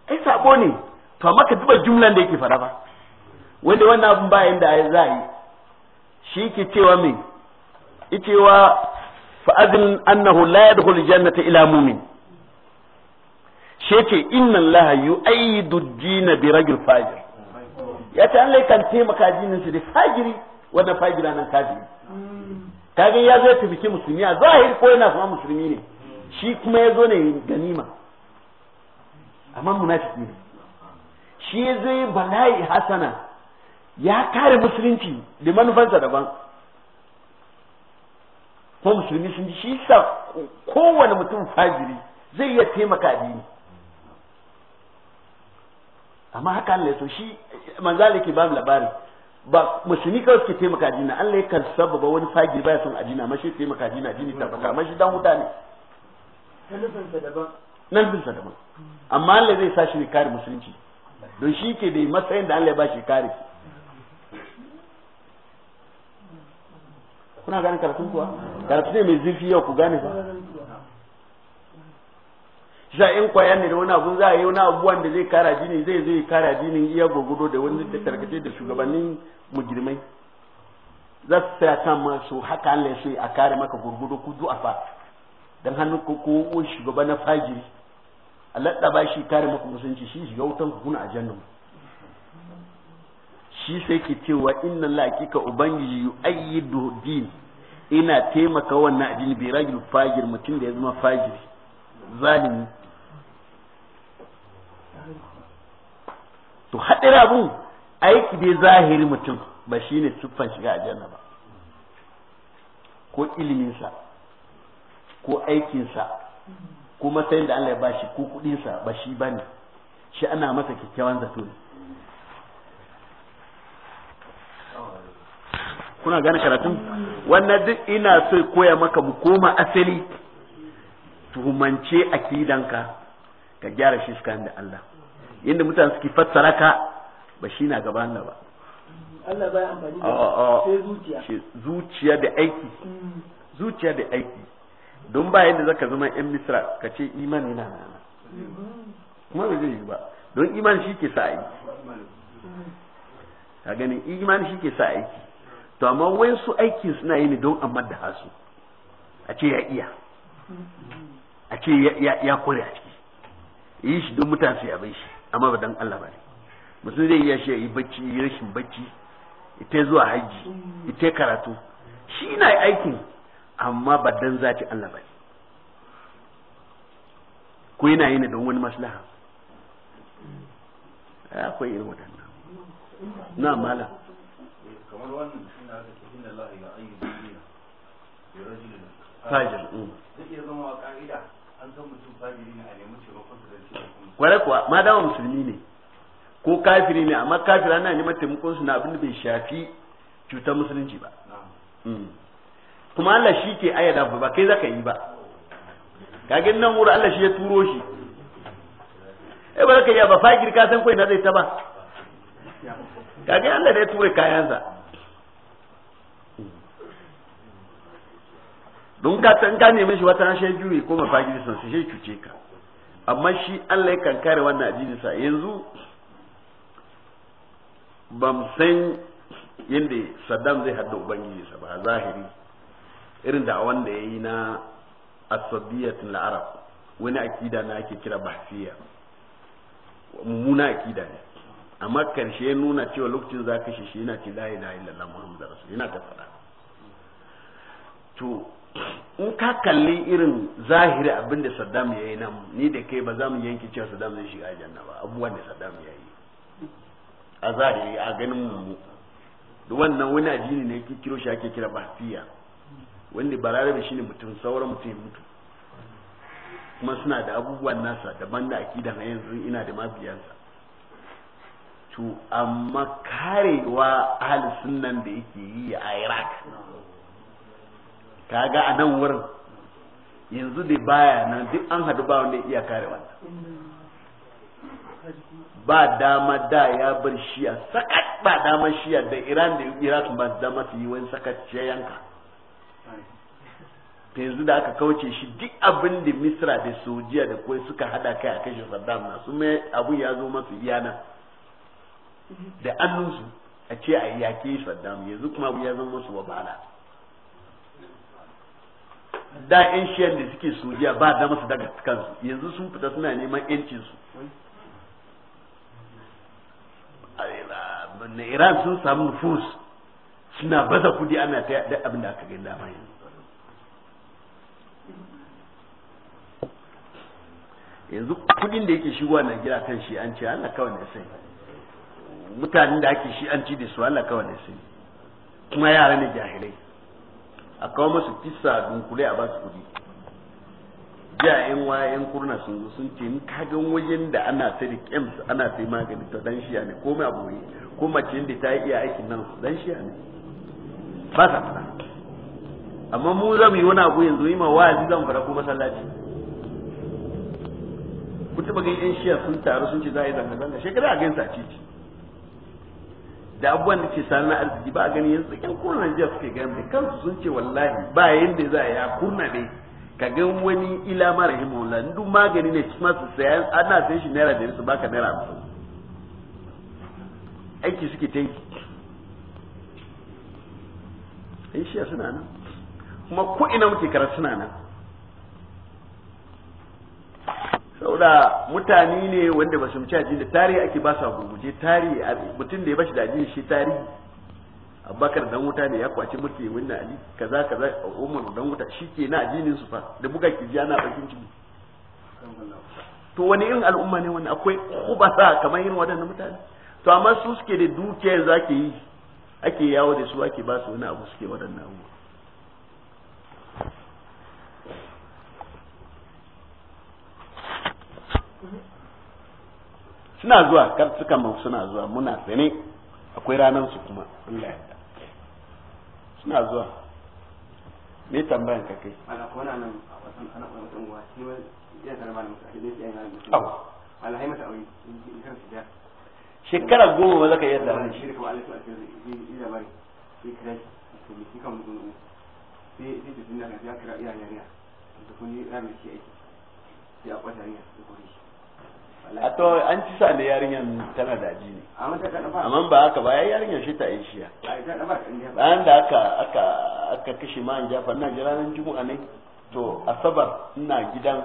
ai sabo ne to amma ka duba jumlan da yake fara ba wanda wannan abin ba yanda za a yi shi ke cewa me cewa fa'adin annahu la yadkhul jannata ila mu'min shi ce inna Allah yu'ayyidu dina bi rajul fajir ya ta Allah kan taimaka jinin su da fajiri wannan fajira nan kafiri kage ya zo ya taimaki musulmi a zahiri ko yana kuma musulmi ne shi kuma ya zo ne ganima amma munafiki ne shi ya zo bala'i hasana ya kare musulunci da manufansa daban ko musulmi sun ji shi sa kowane mutum fajiri zai iya taimaka addini amma haka Allah ya so shi manzali ke babu labari ba musulmi kawai suke taimaka addini Allah ya kan sababa wani fagi baya son addini mashi taimaka dina addini ta baka mashi dan huta ne nan nalbinsa daban amma Allah zai sa shi ne kare musulunci don shi ke da matsayin da Allah ya bashi kare kuna gane karatun kuwa karatu ne mai zurfi yau ku gane ba sha in kwaya ne da wani abu za a yi wani abubuwan da zai kara jini zai zai kara jini iya gogodo da wani da tarkace da shugabannin mujirmai za su tsaya kan masu haka Allah ya so a kare maka gurgudo ku du'a fa dan hannu ko ko shugaba na fajiri Allah da ba shi kare maka musanci shi shiga wutan kuna a jannu shi sai ke cewa inna la kika ubangiji yu'ayyidu din ina taimaka wannan addini bi rajul fajir mutum da ya zama fajiri zalimi to haɗin abu aiki dai zahiri mutum ba shi ne siffan shiga aljanna ba ko iliminsa ko aikinsa ko matsayin da Allah ya bashi ko kuɗinsa ba shi ba ne shi ana masa kyakkyawan zato ne kuna gane karatun wannan duk ina so koya maka mu koma asali tuhumance akidanka ka gyara shi da Allah yadda mutane suke fassara ka ba shi na gaban Allah ba Allah ba amfani da zuciya zuciya da aiki mm. zuciya da aiki don ba yadda zaka zama yan misra ka ce imani na na kuma ba zai yi ba don imani shi ke sa aiki ka gani imani shi ke sa aiki to amma su aiki suna yi ne don amma da hasu a ce ya iya a ce ya kore a ciki yi shi don mutane su yabe shi amma ba dan Allah ba ne mutum zai iya shi ya yi bacci yi rashin bacci ita zuwa hajji ita karatu shi na aikin amma ba dan zati Allah ba ne ko yana yi ne don wani maslaha akwai irin waɗannan na mala kamar wannan shi na da Allah ya ayyuka fajir mm. zai iya zama a ka'ida an san mutum fajiri ne a nemi kware kuwa ma dama musulmi ne ko kafiri ne amma kafira na neman taimakon su na abin da bai shafi cutar musulunci ba hmm. kuma Allah shi ke ayyada ba kai zaka yi ba kagin nan wuri Allah shi ya turo shi eh ba zaka yi ba fagir ka san kai na zai ta ba kagin Allah da ya kayansa don ka tanka ne nemi shi wata shi jure ko mafagir sun shi cuce ka amma shi Allah ya kare wannan sa yanzu ban san yadda Saddam zai hadda ubangijinsa ba zahiri irin da wanda ya yi na asabiyatin la'arab wani akida na ake kira bahsiya mummuna akida ne amma karshe ya nuna cewa lokacin za ka shi yana ce la ilaha illallah muhammadu rasul yana ta faɗa to in ka kalli irin zahiri abin da Saddam ya yi nan ni da kai ba za mu yanke cewa Saddam zai shiga aljanna ba abubuwan da Saddam ya yi a zahiri a ganin mu da wannan wani addini ne ke kiro shi ake kira bafiya wanda bararabe shine mutum sauran mutum ya mutu kuma suna da abubuwan nasa daban da akidan a yanzu ina da mabiyansa to amma karewa ahli sunan da yake yi a Iraq kaga a nan wurin yanzu da baya nan duk an hadu ba wanda iya kare wannan ba dama da ya bar shiya sakat ba dama shiya da iran da iraq ba dama su yi wani sakat ya yanka yanzu da aka kauce shi duk abin da misra da sojiya da kuwa suka hada kai a kashe saddam na su mai abin ya zo masu iyana da annunsu a ce a yake saddam yanzu kuma abu ya zo masu wabala da yan shiyar da suke sojiya ba da masu daga kansu yanzu sun fita suna neman yancin su na iran sun samu nufus suna baza kudi ana ta da abin da aka gani mai yanzu yanzu kudin da yake shigowa na gida kan shi an ce Allah kawai ne sai mutanen da ake shi an ci da su Allah kawai ne sai kuma yara ne jahilai a kawo masu kisa dunkule a basu kudi jiya yan waya yan kurna sun zo sun ce in ka gan wajen da ana ta da kems ana sai magani ta dan shiya ne komai abu ne ko mace da ta iya aikin nan dan shiya ne ba ta fara amma mu mu yi wani abu yanzu yi ma wa'azi zan fara ko masallaci ku taba ga yan shiya sun taru sun ce za a yi zanga-zanga shekara a gaisa ce. da abubuwan da ke sami na arziki ba a gani yanzu yan kurna jiya suke gani da kansu sun ce wallahi ba yadda za a yi a kurna ne ka ga wani ila mara himola duk magani ne kuma su sayan ana sayan shi naira da su baka naira hamsin aiki suke ta yi ai shi suna nan kuma ko ina muke karatu suna nan saboda mutane ne wanda ba su muci addini da tarihi ake ba su gurguje tarihi mutum da ya bashi da addini shi tarihi abubakar dan wuta ne ya kwaci mulki wannan ali kaza kaza umar dan wuta shi ke na addinin su fa da buga ji ana bakin ciki to wani irin al'umma ne wani akwai kubasa kamar irin waɗannan mutane to amma su suke da dukiyar zaki yi ake yawo da su ake ba su wani abu suke waɗannan abubuwa suna zuwa kar suka mun suna zuwa muna sane akwai ranar su kuma Allah ya suna zuwa me tambayan ka kai ana ko nan a wasan ana ko wasan gwa shi wai ya zama malamin sa idan shi ya zama malamin Allah ya masa aure kan su da shekara goma ba za ka iya ran shi kuma Allah ya ce yi da bari sai kira to mi kika mun sai sai da dinna ga ya kira iyayen ya da kun yi ramin shi aiki sai a kwatariya da kuri shi a to an ci sa da yarinyar tana daji ne amma ba haka ba yayi yarinyar shi ta aishiya bayan da aka aka aka kashe an jafar na jira juma'a ne to asabar ina gidan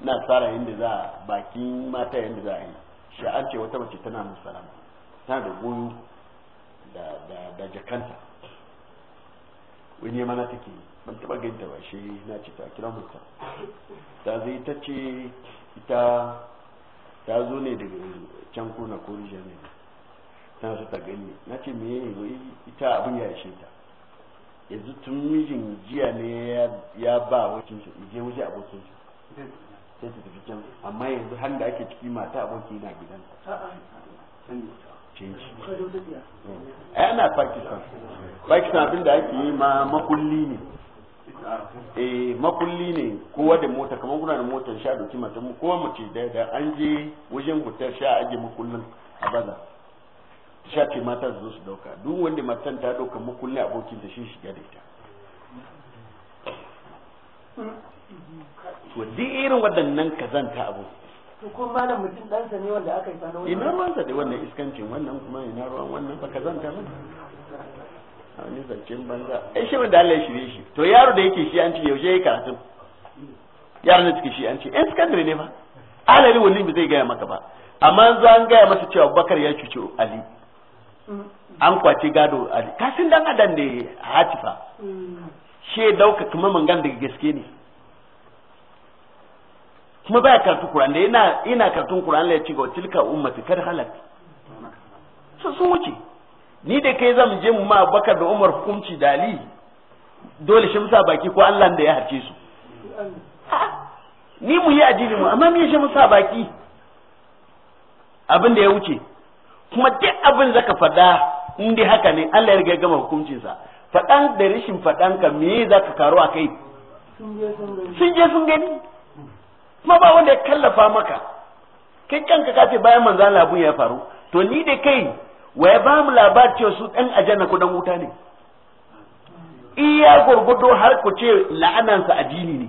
na tsara yadda za baki bakin mata yadda za a yi shi an ce wata mace tana musalama tana da goyo da jakanta wani mana take ban taba ganta ba shi na ce ta kira mutum ta zai ta ce ita ta zo ne daga can na ko rijiya ne ta su ta gani na ce me ita abin ya ishe ta yanzu tun mijin jiya ne ya ba wacin shi je waje abokin shi sai ta tafi can amma yanzu har da ake ciki mata aboki na gidan canji ai ana pakistan pakistan abin da ake yi ma makulli ne eh makulli ne kowa da mota kamar kuna da motar sha doki mata mu kowa mace da da an je wajen hotel sha aje makullin a baza sha ce mata su zo su dauka duk wanda matan ta dauka makulli abokin da shi shiga da ita to duk irin waɗannan kazanta abu to ko malam mutum sa ne wanda aka yi fara wannan ina ruwansa da wannan iskancin wannan kuma ina ruwan wannan ba kazanta ne a wani zancen banza ai eh, shi da Allah ya shirye shi to yaro da yake shi an ce yaushe yayi karatu yaron da suke shi an ce in secondary ne ba alali wani ba zai gaya maka ba amma za an gaya masa cewa bakar ya cuce ali an kwace gado ali kasin dan adam ne hatifa shi ya dauka kuma mangan daga gaske ne kuma baya karatu kur'an da yana ina karatun kur'an la ya ci ga tilka ummati kad halak sun wuce ni da kai zan je mu ma bakar da umar hukunci da ali dole shi musa baki ko allah da ya harce su ni mu yi addini mu amma me shi musa baki abin da ya wuce kuma duk abin zaka fada in dai haka ne allah ya riga gama sa fadan da rashin fadan ka me zaka karo a kai sun je sun gani kuma ba wanda ya kallafa maka kai kanka ka bayan bayan manzan labun ya faru to ni da kai wa ya ba mu labar cewa su ɗan ajanna ko ɗan wuta ne iya gurgudo har ku ce la'anansa addini ne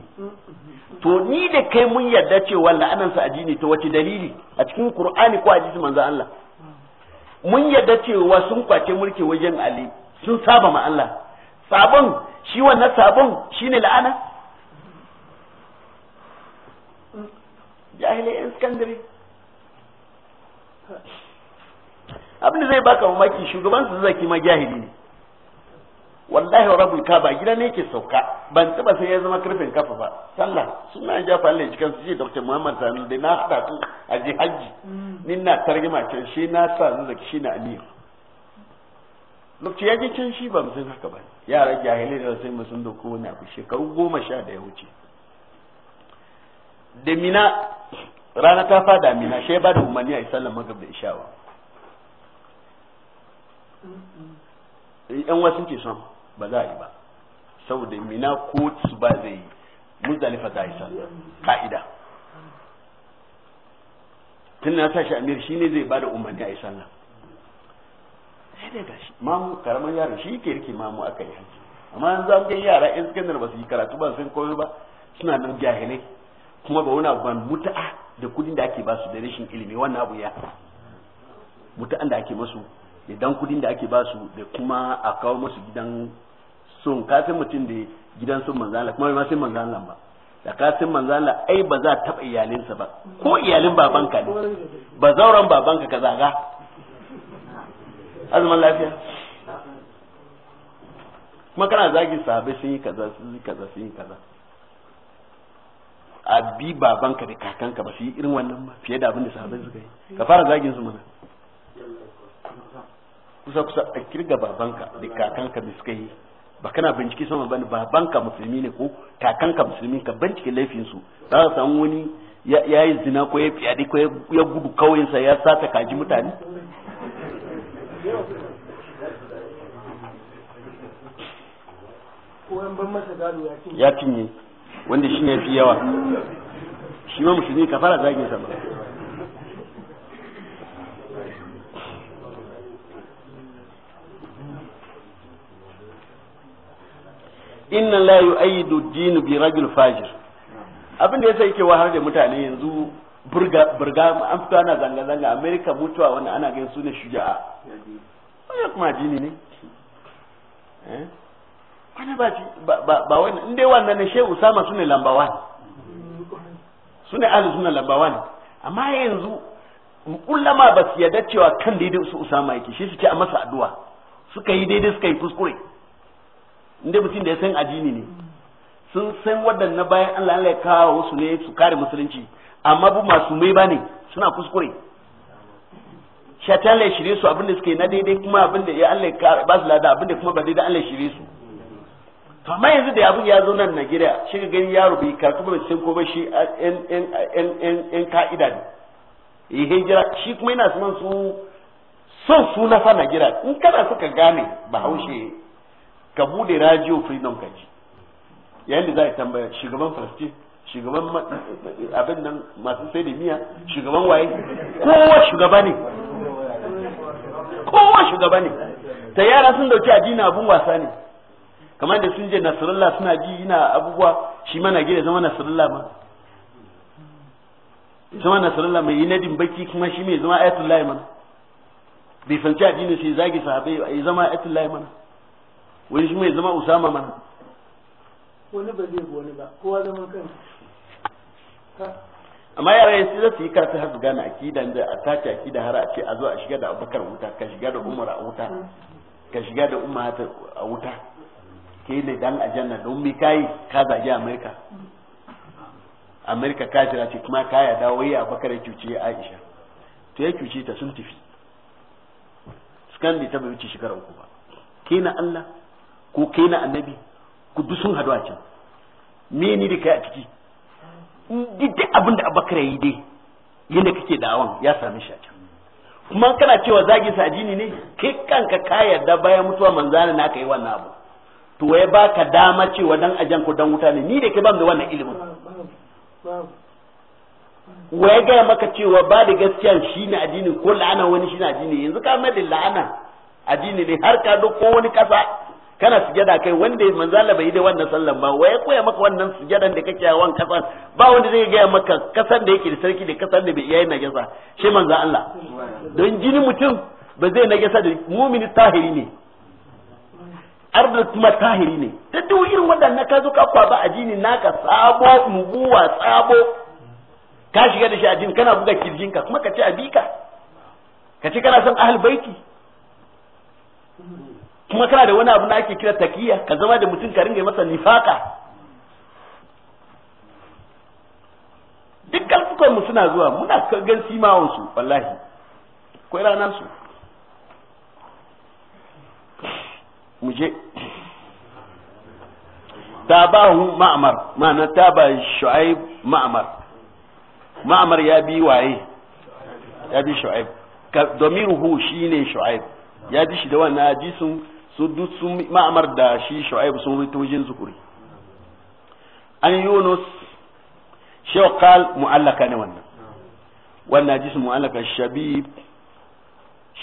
to ni da kai mun yarda cewa la'anansa addini to wace dalili a cikin qur'ani ko hadisi manzo Allah mun yarda cewa sun kwace mulki wajen Ali sun saba ma Allah sabon shi wannan sabon shine la'ana jahilai yan abin da zai baka mamaki shugaban su zai ma jahili ne wallahi wa rabbul kaba gida ne yake sauka ban taba sai ya zama karfin kafa ba sallah suna ja Allah cikin su ce dr muhammad sani da na hada su a je hajji mm. ni na tarjima can shi na sa zan zaki shi na aliyu lokaci ya je can shi ba mu san haka ba yara jahilai da sai mu sun da kowane abu shekaru goma sha da ya wuce da mina rana ta fada mina shi ba da umarni a isa sallar magab da ishawa Eh, yan wasu ke son ba za a yi ba saboda mina ko su ba zai yi muzdalifa za a yi sallah ka'ida tun na sa shi amir shi ne zai bada umarni a yi nan sai dai gashi mamu karamar yaron shi ke rike mamu aka yi haji amma an za mu ga yara yan sakandare ba su yi karatu ba sun koyo ba suna nan jahilai kuma ba wani abu muta'a da kudin da ake ba su da rashin ilimi wannan abu ya mutu'an da ake masu da dan kudin da ake basu da kuma a kawo musu gidan sun kafin mutum da gidan sun manzana kuma ma sai manzo ba da kafin manzana ai ba za taba iyalinsa ba ko iyalin babanka ne ba zauren babanka ka zaga azumin lafiya kuma kana zagin sahabai sun yi kaza sun yi kaza sun yi kaza a bi babanka da kakanka ba su yi irin wannan ba fiye da abin da sahabai suka yi ka fara zagin su mana kusa kusa a kirga babanka da kakanka da suka yi ba kana bincike sama bane babanka musulmi ne ko kakanka musulmi ka bincike laifin su za ka samu wani ya yi zina ko ya fiyade ko ya gudu kauyensa ya sata kaji mutane ya cinye wanda shi ne fi yawa shi ma musulmi ka fara zagin sa ba inna la yu'ayyidu ad-din bi rajul fajir abin da yasa yake wahar da mutane yanzu burga burga an fito ana zanga zanga America mutuwa wanda ana ganin su ne shuja'a ya kuma dini ne eh wani ba ba ba wannan in dai wannan ne Sheikh Usama sune lambawan sune ahli sunna lambawan amma yanzu ulama ba su yarda cewa kan daidai su Usama yake shi su ci a masa addu'a suka yi daidai suka yi kuskure inda mutum da ya san addini ne sun san waɗanda bayan Allah ya kawo su ne su kare musulunci amma bu masu mai ba ne suna kuskure shatan ya shirye su abinda suke na daidai kuma abinda ya Allah ya ba su lada abinda kuma ba daidai Allah ya shirye su to amma yanzu da abin ya zo nan gida shi ga gani yaro bai karatu ba san ko ba shi en ka'ida ne yi hijira shi kuma yana son su son suna fa gida in kana suka gane Bahaushe ka bude radio freedom ka ji yayin da za a tambaya shugaban falastin shugaban abin nan masu sai da miya shugaban waye kowa shugaba ne kowa shugaba ne ta yara sun dauki addini abun wasa ne kamar da sun je nasarallah suna ji yana abubuwa shi mana gida zama nasarallah ma zama nasarallah mai yi nadin baki kuma shi mai zama ayatullahi mana bai fanci addinin sai zagi sahabai ya zama ayatullahi mana wani shi mai zama usama mana wani ba zai wani ba kowa zama kan amma yara ya sai su yi karatu har su gane akida da a sace akida har a ce a zo a shiga da abubakar wuta ka shiga da umar a wuta ka shiga da umar a wuta ke ne dan aljanna don me kai ka Amurka amerika amerika jira ce kuma kaya dawo ya abubakar ya cuce aisha to ya cuce ta sun tafi skan ta bai wuce shigar uku ba kina allah ko kai na annabi ku duk sun haɗu a can me ni da kai a ciki duk abin da abakar yi dai yadda kake da'awan ya same shi a can kuma kana cewa zagi sa addini ne kai kanka ka yarda bayan mutuwa manzana na ka yi wannan abu to wai baka dama cewa dan ajan ko dan wuta ne ni da kai ban da wannan ilimin wai gaya maka cewa ba da gaskiya shi ne addini ko la'ana wani shi ne addini yanzu ka mai da la'ana addini ne har ka ko wani kasa kana sujada kai wanda manzo Allah bai yi da wannan sallan ba waye koya maka wannan sujadan da kake yawan kasar ba wanda zai ga maka kasan da yake da sarki da kasan da bai yayin najasa shi manzo Allah don jini mutum ba zai najasa da mumini tahiri ne ardu kuma tahiri ne ta duk irin waɗannan ka zo ka kwaba a jini naka sabo mubuwa sabo ka shiga da shi a jini kana buga kirjinka kuma ka ce a bika ka ce kana son ahlul baiti kuma kana da wani abu da ake kira takiya ka zama da mutum ka ringa masa nifaka duk kalfukan mu suna zuwa muna gan simawon su wallahi ko ranar su mu je tabahu ma'mar ma'ana taba shu'aib ma'mar ma'mar ya bi waye ya bi shu'aib domin ruhu shine shu'aib ya bi shi da wannan hadisin su duk sun ma'amar da shi shu'aib sun rubuta wajen zukuri an yunus shewa qal mu'allaka ne wannan wannan jisu mu'allaka shabib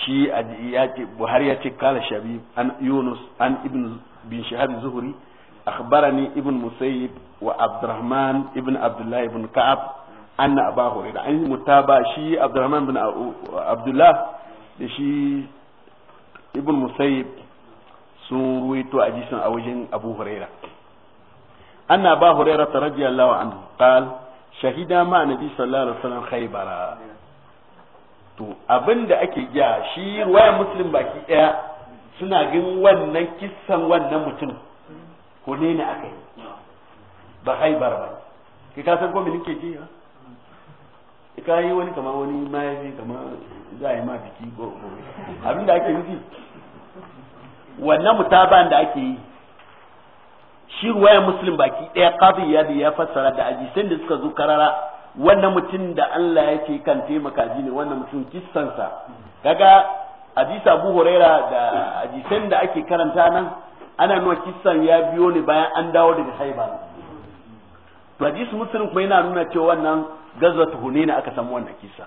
shi ya buhari ya ce kala shabib an yunus an ibn bin shahab zuhuri akhbarani ibn musayyib wa abdurrahman ibn abdullah ibn ka'ab An aba hurairah an mutaba shi abdurrahman ibn abdullah da shi ibn musayyib sun ruwaito a jishin a wajen abu huraira anna ba huraira ta radiyallahu anhu qal shahida ma nabi sallallahu alaihi wasallam khaybara to abinda ake ja shi ruwaya muslim baki daya suna gin wannan kissan wannan mutum ko ne ne akai ba khaybar ba ki ka san ko me nake ji ha ka yi wani kamar wani mayafi kamar za a yi ma biki ko abinda ake nufi wannan mutaban da ake yi shi ruwaya muslim baki ɗaya kafin ya ya fassara da ajisan da suka zo karara wannan mutum da Allah ya ce kan taimaka ji ne wannan mutum kissansa kaga hadisi Abu Huraira da ajisan da ake karanta nan ana nuna kissan ya biyo ne bayan an dawo daga haiba to ajisu muslim kuma yana nuna cewa wannan gazwatu hunaina aka samu wannan kissa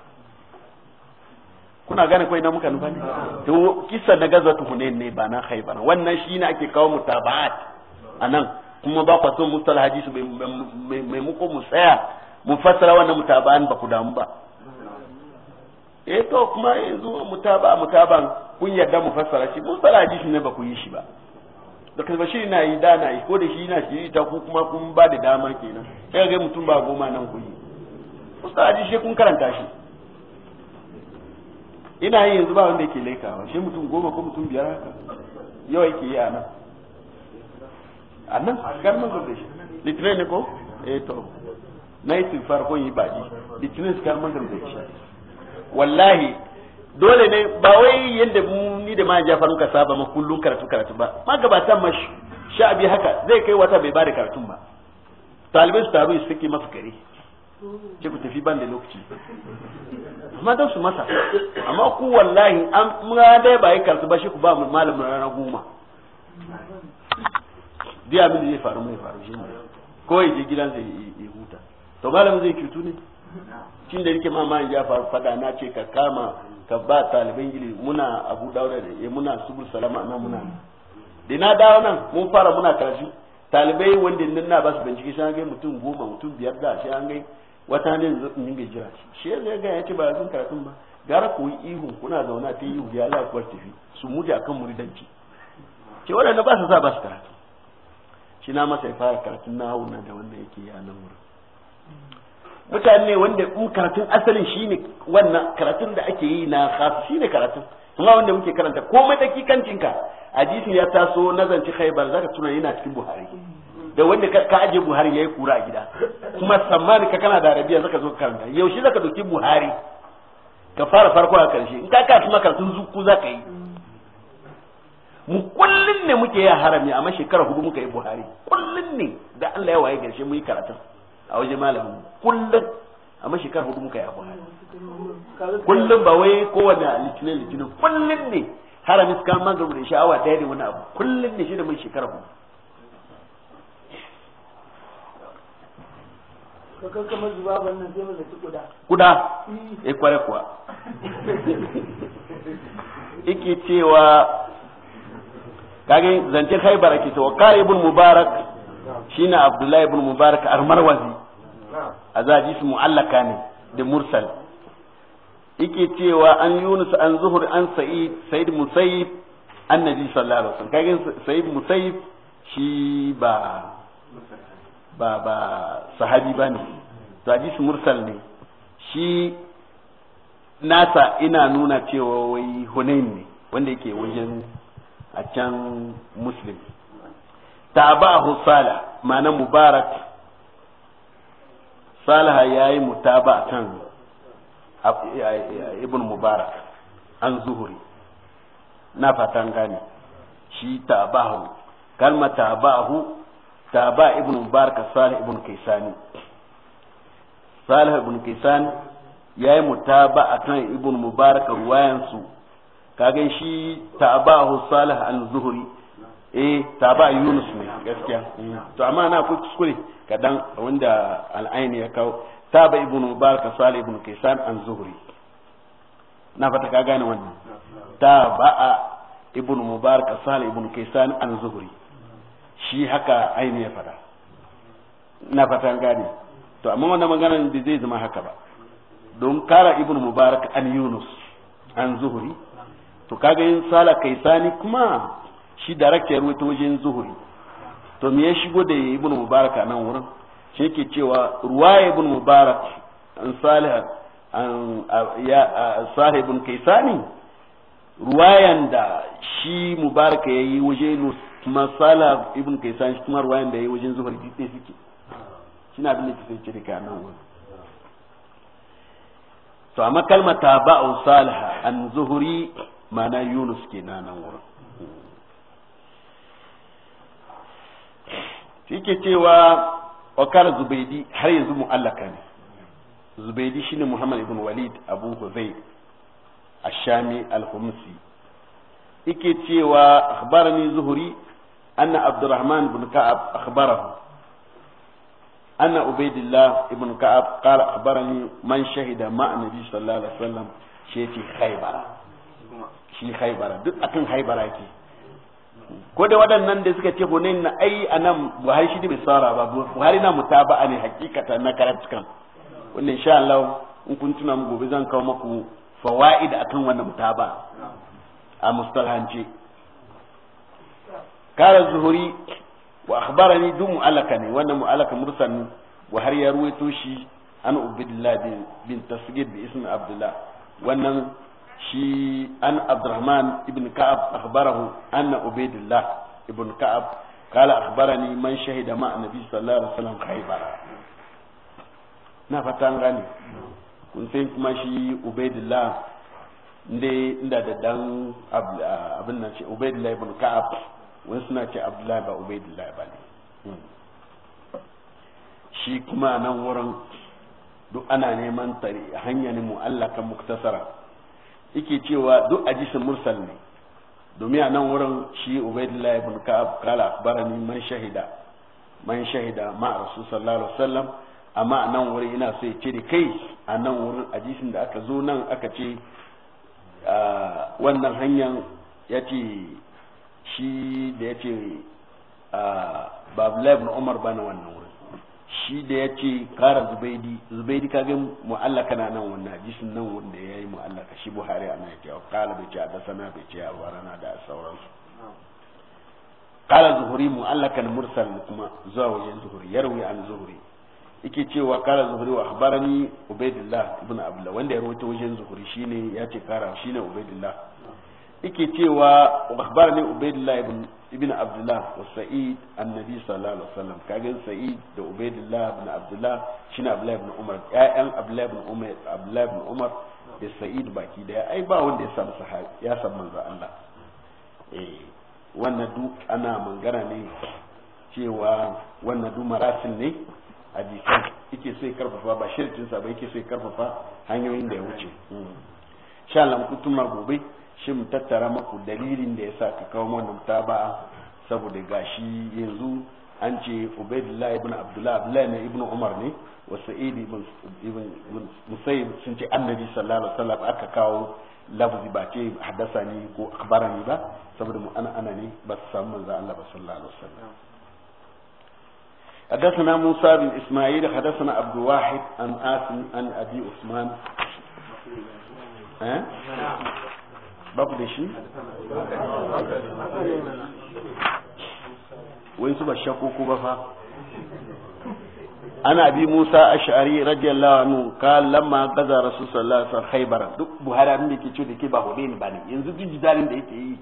kuna gane kai na muka nufa ne to kissa na gazatu hunain ne ba na khaybar wannan shi ne ake kawo mutaba'at anan kuma ba ku son mustal hadisi mai muku mu tsaya mu fassara wannan mutaba'an ba ku damu ba eh to kuma yanzu mutaba mutaban kun yarda mu fassara shi mustal hadisi ne ba ku yi shi ba da kalma shi na yi da na yi ko da shi na shi ta ku kuma kun ba da dama kenan sai ga mutum ba goma nan ku yi mustal hadisi kun karanta shi ina yin yanzu ba wanda yake laikawa shi mutum goma ko mutum biyar haka yawa yake yi a nan a nan ganin zurda shi litinin ne ko eh to na yi sulfar ko yi baji litinin su ganin zurda shi wallahi dole ne ba wai yadda ni da ma jafar muka saba ma kullum karatu karatu ba ma gabatan ma sha'abi haka zai kai wata bai da karatun ba talibai su taru su fike mafikari ce ku tafi ban da lokaci amma don su masa amma ku wallahi an mura dai ba yi karsu ba shi ku ba mu malamin rana goma dai abin da zai faru mai faru shi ne ko ya je gidan zai yi huta to malamin zai cutu ne cin da yake ma ya faru fada na ce ka kama ka ba taliban gili muna abu daura da ya eh, muna subul salama na muna da na dawo nan mun fara muna karshe talibai wanda nan na ba su bincike shi an gai mutum goma mutum biyar da shi an gai wata ne zai ga jira ce shi ya zai gaya ce ba zan karatun ba gara ku yi ihu kuna zauna ta ihu ya Allah tafi su muje kan muridanci ce waɗanda ba su za ba su karatu shi na masa ya fara karatun na hauna da wanda yake a nan wurin mutane wanda in karatun asalin shi ne wannan karatun da ake yi na khas ne karatun kuma wanda muke karanta komai dakikancin a hadisi ya taso nazanci za zaka tuna yana cikin buhari da wanda ka aje buhari yayi kura a gida kuma tsammani ka kana da arabiya zaka zo karanta yaushe zaka doki buhari ka fara farko a karshe in ka ka tuma karatun zuku zaka yi mu kullun ne muke yi harami amma shekara hudu muka yi buhari kullun ne da Allah ya waye garshe mu yi karatun a waje malamin kullun amma shekara hudu muka yi buhari kullun ba wai kowane litinin litinin kullun ne harami suka magrib da sha'awa daya ne wani abu kullun ne shi da mun shekara hudu to zuba wannan sai mun zaci kuda kuda eh, eh kware kuwa Iki cewa kage zancen haibar ake cewa kare ibn mubarak shine abdullahi ibn mubarak armarwazi a zaji su mu'allaka ne da mursal yake cewa an yunus an zuhur an sa'id sa'id musayyib annabi sallallahu alaihi wasallam kage sa'id musayyib shi ba ba ba sahabi ba ne to hadisi mursal ne shi nasa ina nuna cewa wai hunain ne wanda yake wajen a can muslim tabahu sala ma'ana mubarak salaha ya yi mutaba kan ibn mubarak an zuhuri na fatan gane shi tabahu kalma tabahu taba ibn mubarak salih ibnu kaisani salih ibnu kaisani ya yi mutaba a kan ibn mubarak ruwayansu kaga shi taba hu salih an zuhuri eh taba yunus ne gaskiya to amma na ku kuskure kadan wanda al'aini ya kawo taba ibn mubarak salih ibnu kaisan an zuhuri na fata ka gane wannan taba ibn mubarak salih ibnu kaisan an zuhuri shi haka aini ya fada na fatan gane to amma wannan maganar da zai zama haka ba don kara ibn mubarak an yunus an zuhuri to kaga yin sala kaisani kuma shi da ya rubuta wajen zuhuri to me ya shigo da ibn mubarak a nan wurin shi yake cewa ruwa ibn mubarak an salih an ya salih ibn kaisani ruwayan da shi mubarak ya yi wajen masala ibn kaisan shi kuma ruwayan da yayi wajen zuhar sai suke kina bin ki sai cire kana wani to amma kalmar taba'u Salaha an zuhuri mana yunus ke nan wurin kike cewa wakar zubaidi har yanzu mu'allaka ne zubaidi shine muhammad ibn walid abu huzai ashami al-humsi yake cewa akhbarani zuhuri أن عبد الرحمن بن كعب أخبره أن عبيد الله بن كعب قال أخبرني من شهد مع النبي صلى الله عليه وسلم شيء في خيبر duk akan haibara ke ko da waɗannan da suka ce hunain na ai a nan buhari shi bai saura ba buhari na mutaba'a ne hakikata na karatukan wannan insha Allah in kun tuna mu gobe zan kawo maku fawaid akan wannan mutaba a mustalhanci kara الزهري wa دم duk وانا ne wannan mu'alaka mursal ne wa عبد الله بن تسجد باسم عبد bin, وانا شي ان عبد الرحمن wannan shi اخبره ان ibn ka'ab ابن كعب قال ibn ka'ab kala مع man صلى ma عليه وسلم خيبر wasallam khaybar na kun sai kuma shi inda da dan abin nan shi ibn ka'ab wani suna ce abdullahi ba ubaidullahi ba ne hmm. shi kuma nan wurin duk ana neman hanya ne mu'allaka muktasara yake cewa duk ajisin mursal ne domin a nan wurin shi ubaidullahi ibn ka'ab kala akbarani man shahida man shahida ma rasul sallallahu alaihi wasallam amma a nan wurin ina so ya cire kai a nan wurin ajisin da aka zo nan aka ce ah, wannan hanyar ya ce shi da ya ce ah, babu laifin umar bana wannan wurin shi da ya ce kara zubaidi zubaidi ka ga mu'allaka na nan wannan hadisin nan wanda ya yi mu'allaka shi buhari ana ya ce kala bai ce a dasana bai ce a warana da sauransu kala zuhuri mu'allakan mursal kuma zuwa wajen zuhuri ya rawi an zuhuri yake cewa kala zuhuri wa akhbarani ubaidillah ibn abdullah wanda ya rawaito wajen zuhuri shine ya ce kara shine ubaidillah yake cewa ne ubaydullah ibn ibn abdullah wa sa'id annabi sallallahu alaihi wasallam kage sa'id da ubaydullah ibn abdullah shine abdullah ibn umar ya'an abdullah ibn umar abdullah ibn umar da sa'id baki daya ai ba wanda ya san sahabi ya san manzo Allah eh wannan duk ana mangana ne cewa wannan duk marasin ne a jikin yake sai karfafa ba shirkin sa ba yake sai karfafa hanyoyin da ya wuce hmm. insha Allah mutum gobe shi mu tattara maku dalilin da yasa ka kawo mana mutaba saboda gashi yanzu an ce ubaidullah ibn abdullah abdullah ne ibn umar ne wa sa'id ibn ibn musayyib sun ce annabi sallallahu alaihi wasallam aka kawo lafzi ba ce haddasa ni ko akbarani ba saboda mu ana ana ne ba su samu manzo Allah ba sallallahu alaihi wasallam حدثنا موسى بن اسماعيل حدثنا عبد الواحد عن آسم عن ابي عثمان ها Baku da shi wai su ba shakku ba fa ana bi Musa Ash'ari radiyallahu anhu kan lamma gaza Rasul sallallahu alaihi wasallam Khaybar duk Buhari abin da yake ce da ke ba Hudayn yanzu duk jidalin da yake yi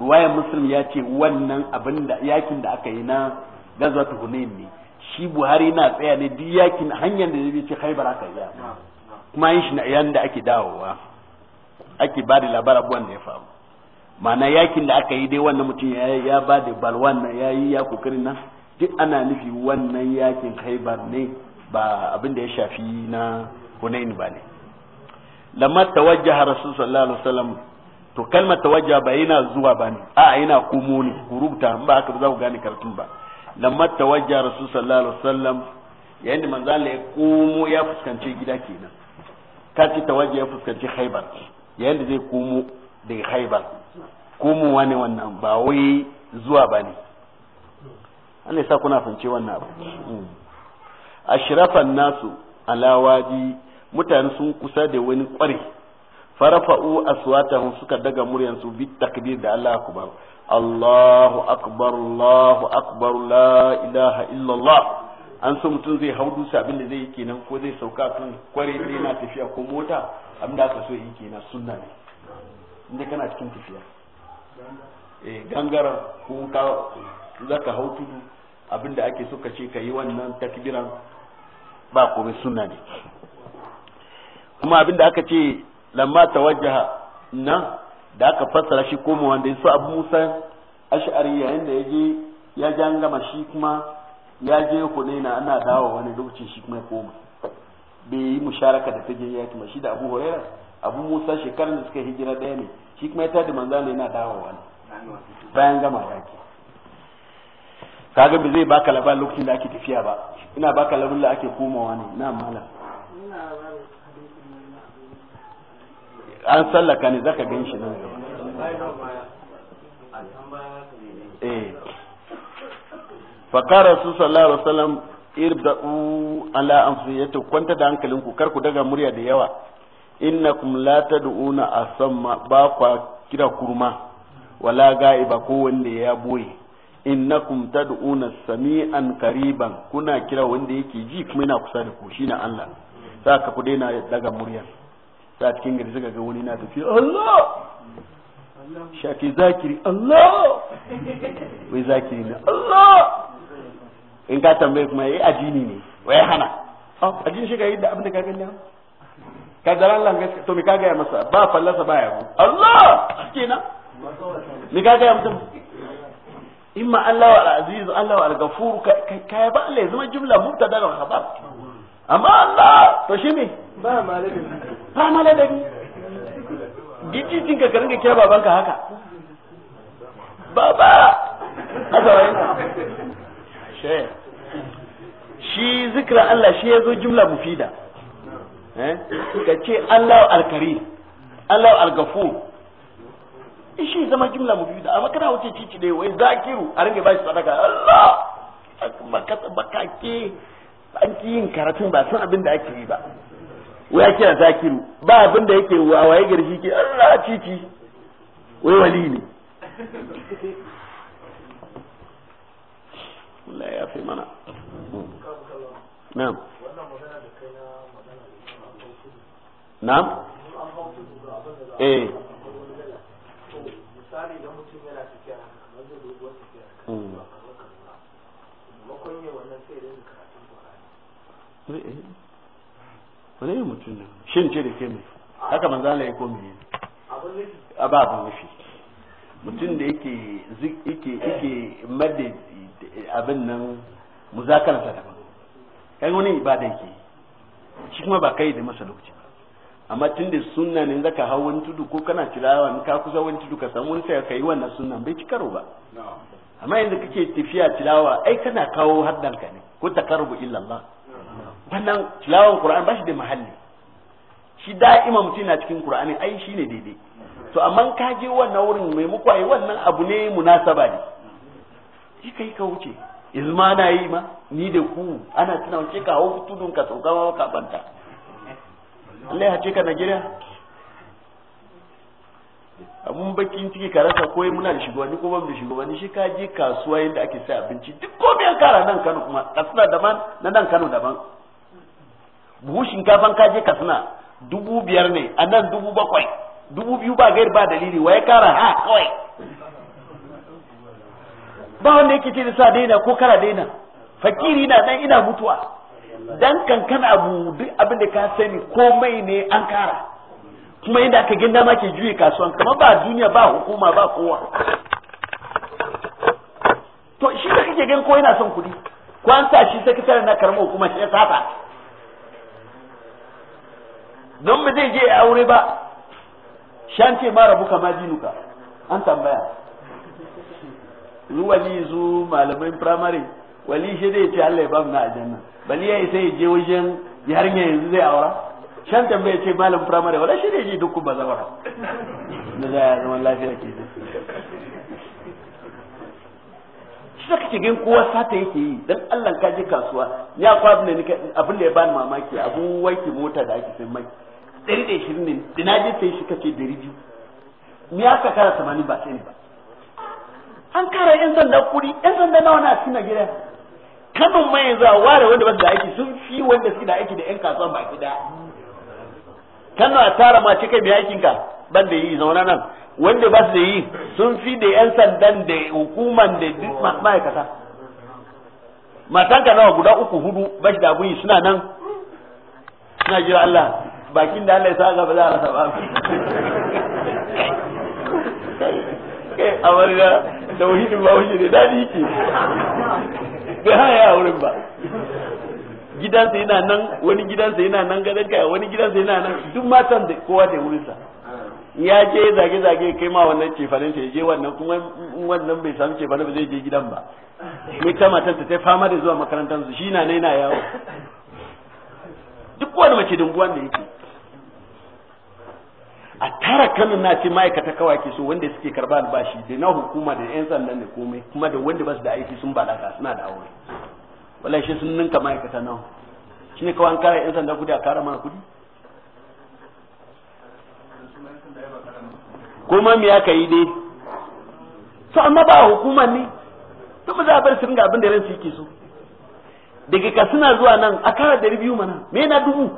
ruwaya Muslim ya ce wannan abin da yakin da aka yi na gazwatu hunain ne shi Buhari na tsaya ne duk yakin hanyar da zai ce Khaybar aka yi kuma yin shi na yanda da ake dawowa ake ba da labarin abubuwan da ya faru ma'ana yakin da aka yi dai wannan mutum ya ba da balwan nan ya yi ya kokari nan duk ana nufi wannan yakin haibar ne ba abin da ya shafi na hunain ba ne lamma tawajjaha rasu sallallahu alaihi wasallam to kalmar tawajja ba yana zuwa ba ne a'a yana komo ne ku rubuta in ba aka za ku gane karatun ba lamar tawajja rasu sallallahu alaihi wasallam yayin da manzo Allah ya komo ya fuskanci gida kenan ka tawajja ya fuskanci haibar yayin da zai komo daga haibar komowa ne wannan ba wai zuwa ba ne an sa kuna fance wannan abu mm. ashrafan nasu alawadi mutane sun kusa da wani kware farafa'u aswatahum suka daga muryansu bi takbir da Allah akbar Allahu akbar Allahu akbar la ilaha illallah an so mutum zai hau dusa abin da zai yi kenan ko zai sauka kan kware sai na tafiya ko mota abinda aka so yi kenan sunna ne inda kana cikin tafiya eh gangara ko ka zaka hau tudu abinda ake so ka ce ka yi wannan takbiran ba komai sunna ne kuma abinda aka ce lamma tawajjaha nan da aka fassara shi koma wanda yasu abu musa ash'ari yayin da yaje ya jangama shi kuma ya je hudaina ana dawo wani lokacin shi kuma ya koma bai yi musharaka da ta je yaki ma shi da abu horaira abu musa shekarun da suka hijira daya ne shi kuma ya tada manzana yana dawowa ne bayan gama yaki kaga ba zai baka labar lokacin da ake tafiya ba ina baka labar da ake komawa ne na mala an sallaka ne zaka gan shi nan eh fakara su sallallahu alaihi wasallam irbda'u ala anfusiyatu kwanta da hankalinku kar ku daga murya da yawa innakum la tad'una asamma ba kwa kira kurma wala ga'iba ko wanda ya boye innakum tad'una sami'an qariban kuna kira wanda yake ji kuma yana kusa da ku shine Allah saka ku daina daga murya sa cikin gari suka ga wani na tafi Allah shafi zakiri Allah wai zakiri Allah in ka tambaye kuma yayi eh, addini ne wai hana ah, addini shi ga yi da abin da ka gani ka zara Allah gaskiya to mi ka gaya masa ba fallasa ba yabo Allah kenan mi ka gaya mutum imma Allah wal aziz Allah wal ghafur ka ya ba Allah zama jumla mubtada wa khabar amma Allah to shi me ba maladabi ba maladabi giditin ka karin ka kira babanka haka baba haka wai shi zikra Allah shi ya zo jumla mufida eh? ka ce Allah alkari Allah algafu shi zama jumla mufida amma kana wuce cici ne wai zakiru a ringa ba shi sadaka Allah bakake an ki yin karatun ba san abin da ake yi ba wai ake kira zakiru ba abin da yake waye garshi ke Allah cici wai wali ne Allah ya fi mana na'am na'am eh wani mutum ne shin ce da ke mai haka manzana ya a ba abin nufi mutum da yake yake yake abin nan muzakaran ta daban kai wani ibada yake shi kuma ba kai da masa lokaci amma tun da sunna ne zaka hau wani tudu ko kana tilawa ne ka kusa wani tudu ka samu wani sai ka yi wannan sunna bai ci karo ba amma yanzu kake tafiya tilawa ai kana kawo haddanka ne ko taqarrubu illa Allah wannan tilawan Qur'an ba shi da mahalli shi da'ima mutum na cikin Qur'ani ai shine daidai to amma ka je wannan wurin mai mukwai wannan abu ne munasaba ne shi kai ka wuce yanzu ma ana yi ma ni da ku ana tuna wace ka hau tudun ka sauka ba ka banta Allah ya ce ka Najeriya abun bakin ciki ka rasa ko muna da shugabanni ko bamu da shugabanni shi ka je kasuwa yadda ake sai abinci duk komai an kara nan Kano kuma kasuna daban na nan Kano daban buhu shinkafan ka je kasuna dubu biyar ne a nan dubu bakwai dubu biyu ba gair ba dalili waye kara ha kawai ba wanda yake ce da sa daina ko kara daina fakiri na dan ina mutuwa dan kankan abu duk abin da ka sani komai ne an kara kuma inda aka ginda ma ke juye kasuwan kamar ba duniya ba hukuma ba kowa to shi da kake gan ko yana son kuɗi ko an sa shi sakatare na karamar hukuma shi ya sata don ba zai je aure ba shan ce ma rabu ma jinuka an tambaya zu wali zu malamai primary wali shi dai ce Allah ya bamu na aljanna bali ya sai ya je wajen yarinya yanzu zai aura shan tambaya ce malam primary wala shi dai ji dukkan bazawara da za ya zama lafiya ke shi da kake gan kowa sata yake yi dan Allah ka je kasuwa ya kwa abin da abin da ya bani mamaki abu wanke mota da ake sai mai ɗari da ishirin ne dina je sai shi kace dari biyu ni aka kara tamanin ba sai ne ba an kara yan sanda kuɗi yan sanda nawa na cikin gidan kanun mai yanzu a ware wanda ba da aiki sun fi wanda suke da aiki da yan kasuwa baki daya kano a tara ma kai mai aikin ka ban da yi zauna nan wanda ba su da yi sun fi da yan sandan da hukuman da duk ma'aikata matanka nawa guda uku hudu ba shi da abun yi suna nan suna jira Allah bakin da Allah ya sa ba za a rasa ba tauhidin ba wuce ne dadi yake bai haya a wurin ba gidansa yana nan wani gidansa yana nan gadon kaya wani gidansa yana nan duk matan da kowa da wurinsa ya je zage zage kai ma wannan cefanin sa je wannan kuma wannan bai samu cefanin ba zai je gidan ba mai ta matan ta fama da zuwa makarantar su shi na yana yawo duk wani mace dunguwan da yake a tara kanin na ce ma'aikata kawai ke so wanda suke karba albashi da na hukuma da yan sandan da komai kuma da wanda ba su da aiki sun balaga suna da aure wallahi shi sun ninka ma'aikata nawa shine kawai an kara yan sanda kudi a kara mana kudi kuma me aka yi dai to amma ba hukuma ne to ba za a bar su ringa abin da ransu yake so daga suna zuwa nan a kara dari biyu mana me na dubu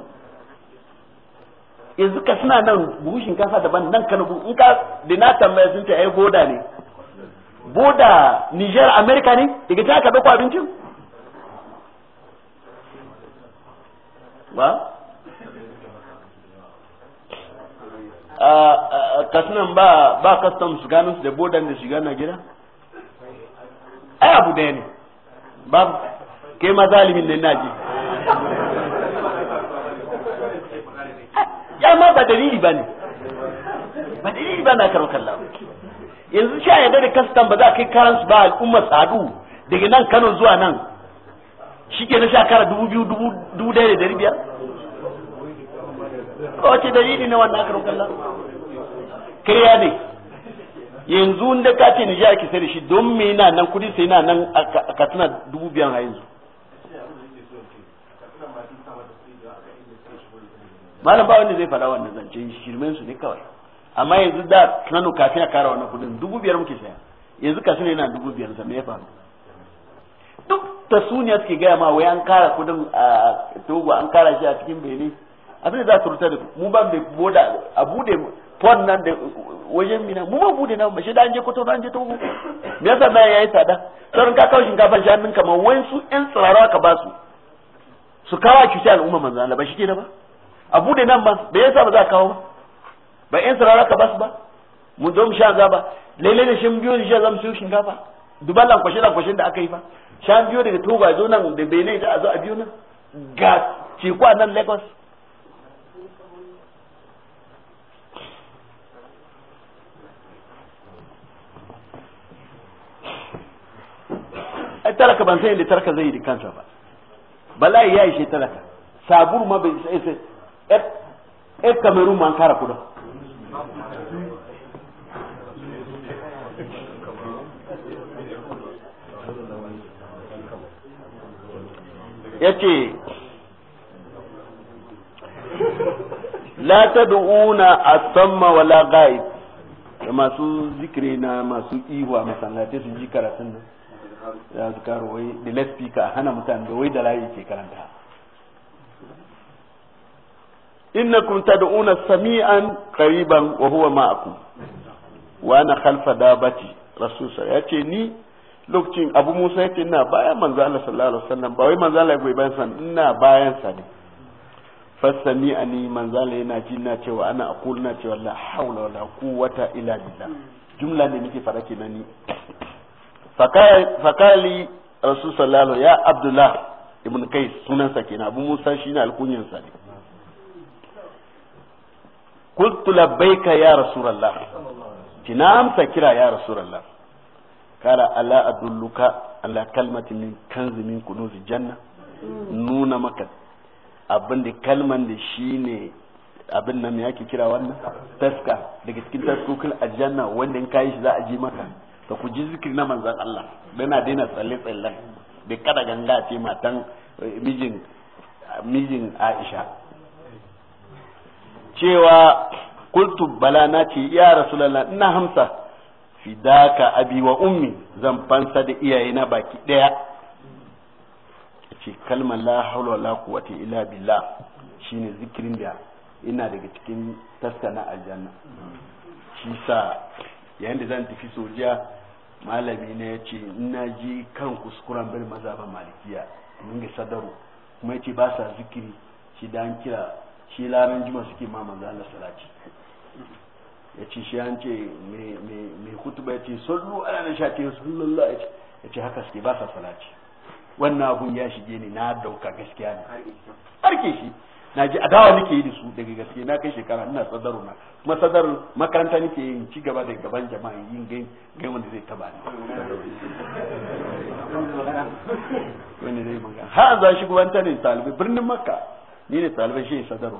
yanzu ka suna nan bushin shinkafa daban nan kano buhu in ka da na tambaya sun ce ai boda ne boda Niger America ne daga ta ka dauko abincin ba a ka suna ba ba custom su gano su da boda da shiga na gida ai abu daya ne ba kai ma zalimin ne na ji ma ba dalili ba ne ba dalili ba na karo kallon yanzu sha yadda da kastan ba za a kai su ba al'umma sadu daga nan kano zuwa nan shi ke na shakara dubu biyu dubu daya da dari biyar wace dalili na wannan karo kallon kariya ne yanzu da ka ce nijar ki sai da shi don me na nan kudi sai na nan a katsina dubu biyan a yanzu malam ba wanda zai fada wannan zance shirmen su ne kawai amma yanzu da kano kafin a kara wannan kudin dubu biyar muke saya yanzu kasu ne yana dubu biyar sa me ya faru duk ta suniya suke gaya ma wai an kara kudin a togo an kara shi a cikin bene abin da za su rutar da mu ba mai boda a bude port nan da wajen mina mu ba bude nan ba shi da an je kwato an je togo me yasa na yayi tsada sauran ka kawo shinkafa shi hannun kamar wani su in tsara ka ba su su kawo a cuci al'umma manzo Allah ba shi ke da ba a bude nan ba me yasa ba za a kawo ba ba in sarara ka basu ba mu zo mu sha ba lele da shin biyo sha mu siyo shinkafa duban lankwashe kwashe da aka yi fa sha biyo daga toba zo nan da benin da a zo a biyo nan ga teku a nan lagos ai talaka ban san yadda talaka zai yi da kansa ba bala'i ya yi shi talaka sabur ma bai sai ɗan kamerun ma an kara kudin ya ce la ta du'una a samma wala ga'ib da masu zikiri na masu iwa masallatai sun ji karatun da ya zikaru wai da laspika hana mutane da wai da layi ke karanta innakum tad'una sami'an qariban wa huwa ma'akum wa ana khalfa dabati rasul yace ni lokacin abu musa yace ina bayan manzo Allah sallallahu alaihi wasallam ba wai manzo Allah goyi bayan sa ina bayan sa ne fasami ani manzo Allah yana ji na cewa ana aqul na cewa la hawla wala quwwata illa billah jumla ne nake fara kenan ni fakali rasul sallallahu ya abdullah ibn kais sunansa kenan abu musa shine sa ne قلت لبيك ya رسول الله تنام amsa kira ya الله قال ألا adulluka على kalmatin من كنز من كنوز janna nuna maka abin da kalman da ne abin nan ya ke kira wannan taska daga cikin taskokin aljanna wanda in kayi shi za a ji maka ka ku ji zikiri na manzan Allah dana daina tsalle tsalle bai kada ganga ce matan mijin mijin Aisha cewa kultu bala na ce ya rasulallah ina hamsa fidaka abi wa ummi zan fansa da iyayena baki daya ce kalmar la haula la quwwata illa billah shine zikirin da ina daga cikin taska na aljanna shi sa yayin da zan tafi sojiya malami na ya ce ina ji kan kuskuren bari mazhaban malikiya mun ga sadaru kuma yace ba sa zikiri shi da an kira shi laran juma suke ma manzo Allah salati ya ce shi an ce mai hutuba ya ce sallu ala na sha ce sallallahu ya ce haka suke ba sa salati wannan abun ya shige ni na dauka gaskiya ne harke shi na ji adawa nake yi da su daga gaske na kai shekara ina sadaro na kuma sadar makaranta nake yin ci gaba da gaban jama'a yin gai gai wanda zai taba ni wani zai magana har za shi gubanta ne talibai birnin makka ni ne talibai shi isa daro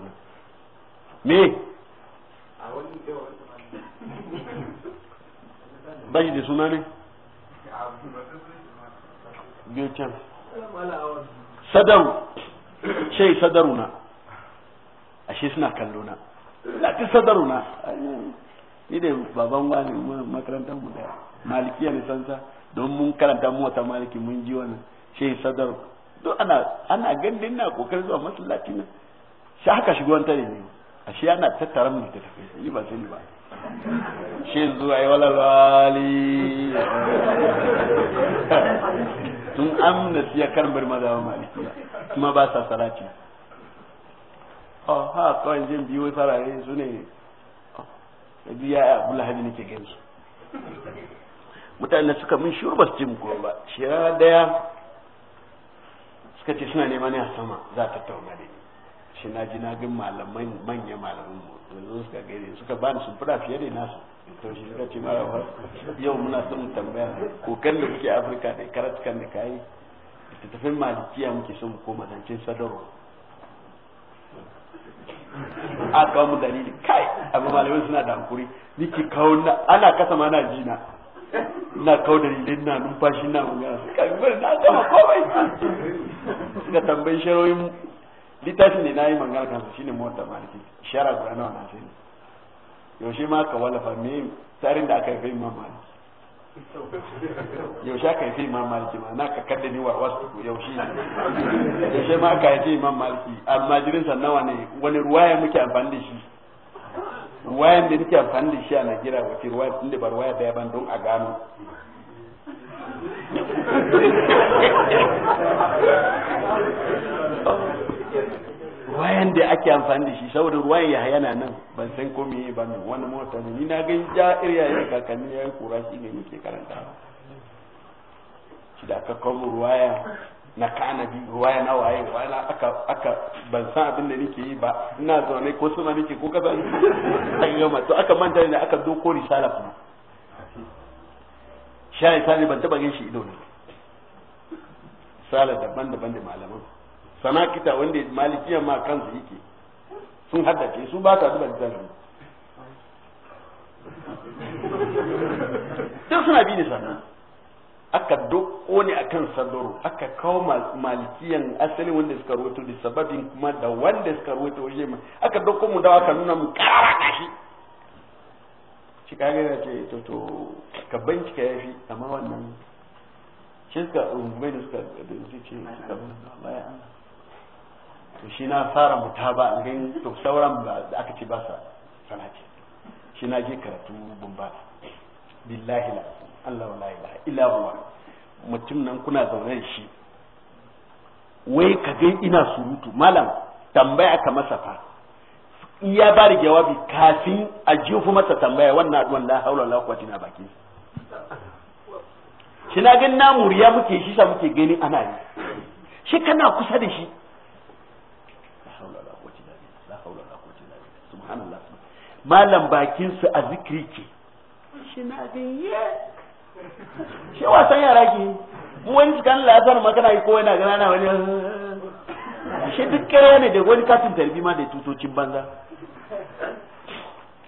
me ba shi da suna ne biyo can sadaru shi sadaru a shi suna kallo na lati sadaruna ni da baban wani makarantar mu da malikiya ne sansa don mun karanta mu wata maliki mun ji wannan shi sadaruna. duk ana ana gandun na kokarin zuwa masallaci na shi haka shigo tare ne ashe ana tattara mu da tafi ni ba sai ni ba shi zuwa ai wala wali tun amna siya kan bar maza wa maliki kuma ba sa salati oh ha kawai jin biyo sarare su ne da biya abu lahabi nake gani mutane suka min shuru ba su ji mu ba shirara daya suka ce suna neman a sama za ta tauna da shi na ji na bin malamai manyan malamin mu yanzu suka gaire suka bani sun fura fiye da nasu to shi suka ce mara wa yau muna son mu tambaya kokan da kuke afirka da karatukan da kayi littattafin malikiya muke son mu koma zancen sadarwa a kawo mu dalili kai abu malamai suna da hankuri nike kawo na ana kasa ma na ji na na kawo dalilin na numfashi na magana kai bari na gama komai suka tambayi sharoyin littafin ne na yi mangana kansa ne mota maliki shara guda nawa na sai yaushe ma ka wallafa me tsarin da aka yi fahimma maliki yaushe aka yi imam maliki ma na ka kadda ni wa wasu yaushe yaushe ma aka yi imam maliki almajirin sa nawa ne wani ruwaya muke amfani da shi ruwayan da muke amfani da shi a Najeriya wace ruwaya tun da ba ruwaya daya ban don a gano ruwayan da ake amfani da shi saboda ruwayan ya yana nan ban san ko me ba ne wani mota ne ni na ga ja irya ya kakanni ya kura shi ne muke karanta shi da aka kawo ruwaya na kanabi ruwaya na waye wala aka aka ban san abin da nake yi ba ina zaune ko suna nake ko kaza an gama to aka manta ne aka doko risala kuma shi ne ban taba gan shi ido ne risala daban-daban da malaman sanakita wanda malikiya ma kansu yake sun haddace su ba ta zuba littafi duk suna bi ne sana aka doko ne kan sadaro aka kawo malikiyan asali wanda suka rawaito da sababin kuma da wanda suka rawaito ma aka doko mu dawa aka nuna mu karara kashi shi kage ce to to ka bincika yafi amma wannan shi suka da suka da su ce suka bayan to shi na fara muta ba a gani to sauran ba da aka ce ba sa sana ce shi na je karatu bumba billahi la Allah wa la ilaha illa huwa mutum nan kuna zaune shi wai ka ga ina surutu malam tambaya ka masa fa iya ba da jawabi kafin a jefu masa tambaya wannan wallahi haula la quwwata illa billah kina na gani na muke shi sa muke gani ana yi shi kana kusa da shi malam bakin su a zikri ke shi na gani shi wasan yara ke mu wani cikin lasar magana yi kowai na gana na wani ah. shi duk kare ne da wani katin tarbi ma da tutocin banza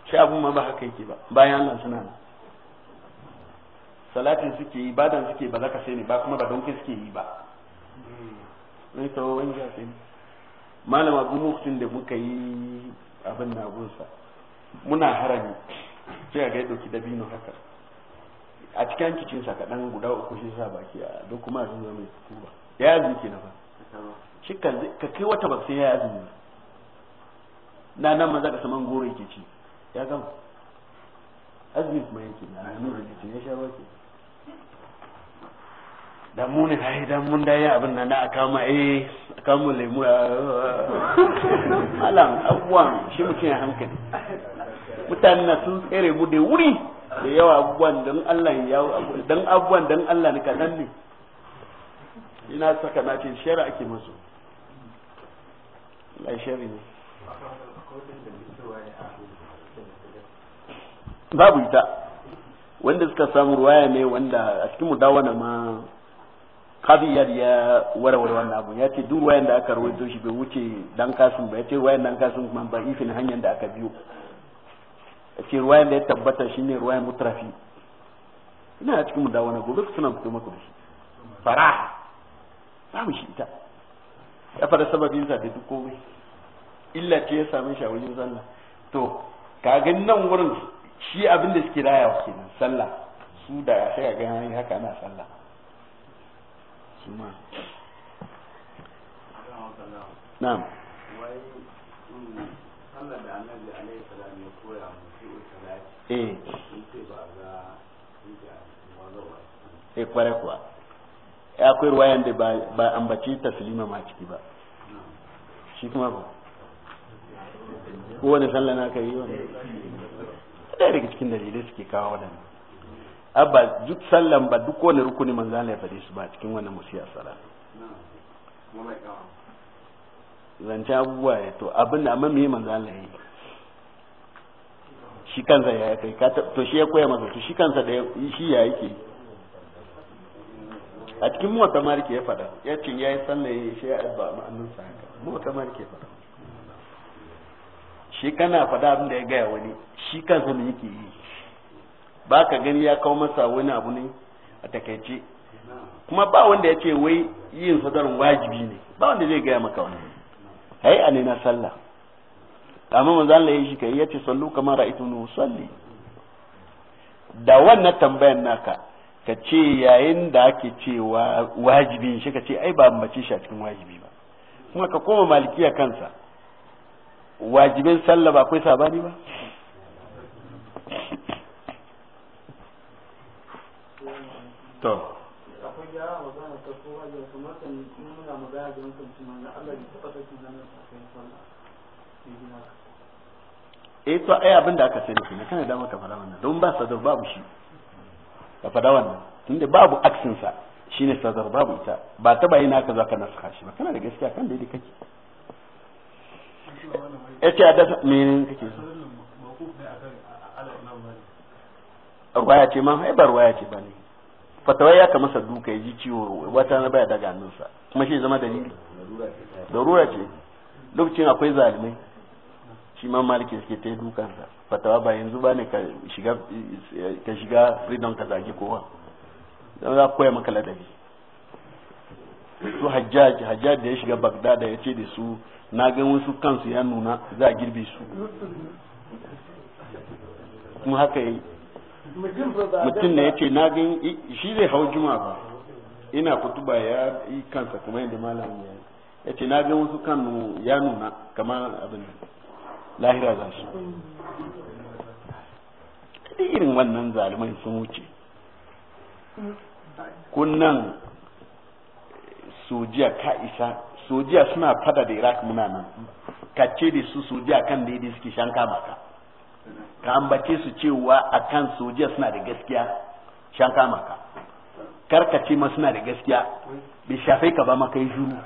shi abun ma ba haka yake ba bayan Allah suna nan salatin suke yi badan suke ba za ka sai ni ba kuma ba don kai suke yi ba hmm. ne to wani ya sai malama abu muktin da muka yi abin na gunsa muna harami sai ga ya ki dabino haka a cikin kicin sa kadan guda uku shi sa baki a duk kuma a zuwa mai tuba ya azumi na ba shi ka kai wata ba sai ya azumi na nan maza ka saman gore ke ci ya gama azumi kuma yake na nuna da ya sha ba ke da mu ne ai dan mun da yi abin nan da aka ma eh aka mu lemu eh, alam abuwan shi mutum ya hankali mutanen na sun tsere mu da wuri da yawa abubuwan dan Allah ya dan abubuwan dan Allah ne kadan ne ina saka na ce shara ake musu lai shari ne babu ita wanda suka samu ruwaya ne wanda a cikin wani ma kabiyar ya warware wannan abu ya ce duk wayan da aka rawaito shi bai wuce dan kasin ba ya ce wayan dan kasin kuma ba ifin hanyar da aka biyo ya ce wayan da ya tabbata shi ne wayan mutrafi ina cikin mu da wani gobe suna fito maka da shi faraha samu shi ita ya fara sababin sa da duk komai illa ce ya samu shi a wajen sallah to ka ga nan wurin shi abin da suke rayawa kenan sallah su da sai ga haka ana sallah suma na'am wai sallar ya eh, eh kware kuwa eh, akwai ruwayan da ba ambaci taslima ma ciki ba shi kuma ba kowane sallah na ka yi wani ɗaya daga cikin dalilai suke kawo wadanda abba duk sallan ba duk wani rukuni manzo Allah ya fade su ba cikin wannan musiya zan zance abubuwa ya to abin da amma meye manzo Allah yi shi kansa ya kai ka to shi ya koya masa to shi kansa da shi ya yake a cikin mota maliki ya fada ya ce ya yi sallan shi ya ba ma'anin sa haka mota maliki ya fada shi kana fada abin da ya gaya wani shi kansa ne yake yi ba ka gani ya kawo masa wani abu ne a takaice kuma ba wanda ya ce wai yin sadar wajibi ne ba wanda zai gaya maka wani hai a ne na sallah amma manzo Allah ya shi kai ya ce sallu kama n'u salli da wannan tambayar naka ka ce yayin da ake cewa wajibi shi ka ce ai ba mace shi a cikin wajibi ba kuma ka koma malikiya kansa wajibin sallah ba akwai sabani ba to akwai gyara magana ta kuma magana Allah ya taɓa kai eh to ai abin da aka sani ne kana da maka fara wannan don ba sadar babu shi ka fara wannan tunda babu aksin sa shine sadar babu ita ba ta bayi naka zaka naska shi ba kana da gaskiya kan da kake yace da menene kake ruwaya ce ma ai ba ruwaya ce ba ne fatawa ya ka masa duka ya ji ciwo wata na baya daga hannunsa kuma shi zama dalili darura ce lokacin akwai zalimai shi ma maliki suke ta dukansa fatawa ba yanzu ba ne ka shiga freedom ka zage kowa don za koya maka ladabi su hajjaj hajjaj da ya shiga bagdad ya ce da su na ga wasu kansu ya nuna za a girbe su kuma haka yi mutum ne ya ce na gan shi zai hau juma ba ina kutuba ya yi kansa kuma yadda malam ya yi ya ce na gan wasu kanu ya nuna kama abin lahira za su ɗi irin wannan zalimai sun wuce kunnan sojiya ka isa sojiya suna fada da iraq muna nan kace da su sojiya kan daidai suke shan maka ka ambace su cewa a kan sojiya suna da gaskiya shan kama ka karkace ma suna da gaskiya bai shafai ka ba maka yi juru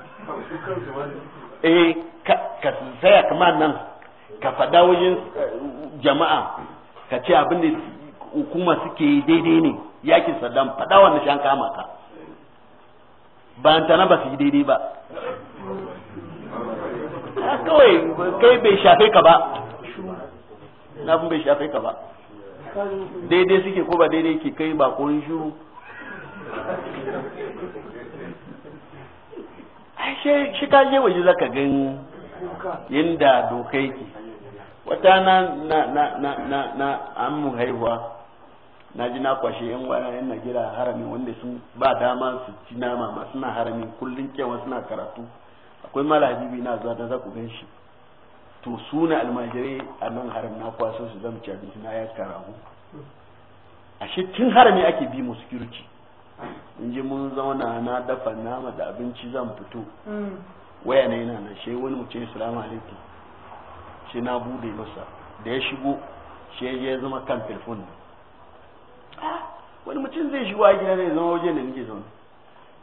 eh ka tsaya kama nan ka fada wajen eh, jama'a ka ce abin da hukuma suke yi daidai ne yakin saddam fada wannan shan kama ka bayan tana ba su yi daidai ba ah, kawai kai bai shafe ka ba na abin bai shafe ka ba daidai suke ko ba daidai ke kai ba kun shiru shi ka je waje zaka gan yadda dokai ke wata na na na na na na an haihuwa na ji na kwashe yan wayan yan Najeriya harami wanda sun ba dama su ci nama masu na harami kullun kewa suna karatu akwai malahibi na zuwa da za ku gan shi to suna almajirai a nan haram na kwaso su zama ci abinci na ya karamu shi tun harami ake bi mu security in ji mun zauna na dafa nama da abinci zan fito mm. waya na yana nan shi wani mace salamu alaikum shi na bude masa da ya shigo shi ya zama kan telefon wani mutum zai shigo a gida zai zama waje da nake zaune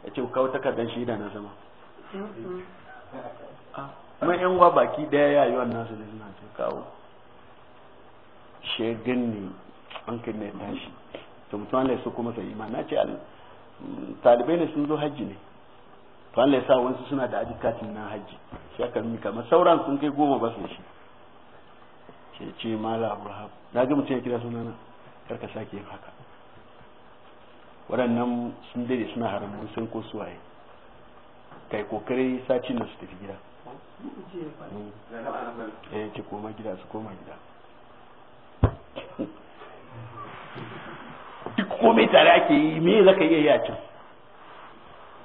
ya ce kawo takardar da na zama kuma yan wa baki daya ya yi wannan su na suna ta kawo shegin ne an kai ne tashi to mutum Allah ya so kuma sai imana na ce talibai ne sun zo hajji ne to Allah ya sa wasu suna da adikatin na hajji shi aka mi kamar sauran sun kai goma ba su shi ce ce mala abraham na ga mutum ya kira sunana kar ka sake yin haka waɗannan sun dade suna haramun sun ko suwaye kai kokari saci na su tafi gida eh ki koma gida su koma gida duk komai tare ake yi me zaka iya yi a can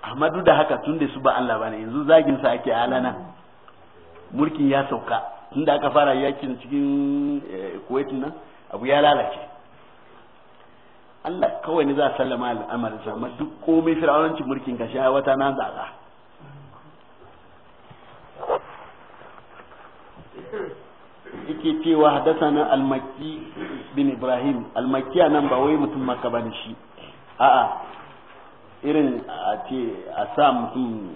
amma duk da haka tun da su ba Allah bane yanzu zagin sa ake alana mm-hmm. mulkin ya sauka tun da aka fara yakin cikin eh, Kuwait nan abu ya lalace Allah kawai ne za a sallama al'amarin sa amma duk komai fir'aunancin mulkin ka sha wata na zaga yake cewa hadasana almakki bin ibrahim almakki a nan ba wai mutum maka ba shi a'a irin a ce a sa mutum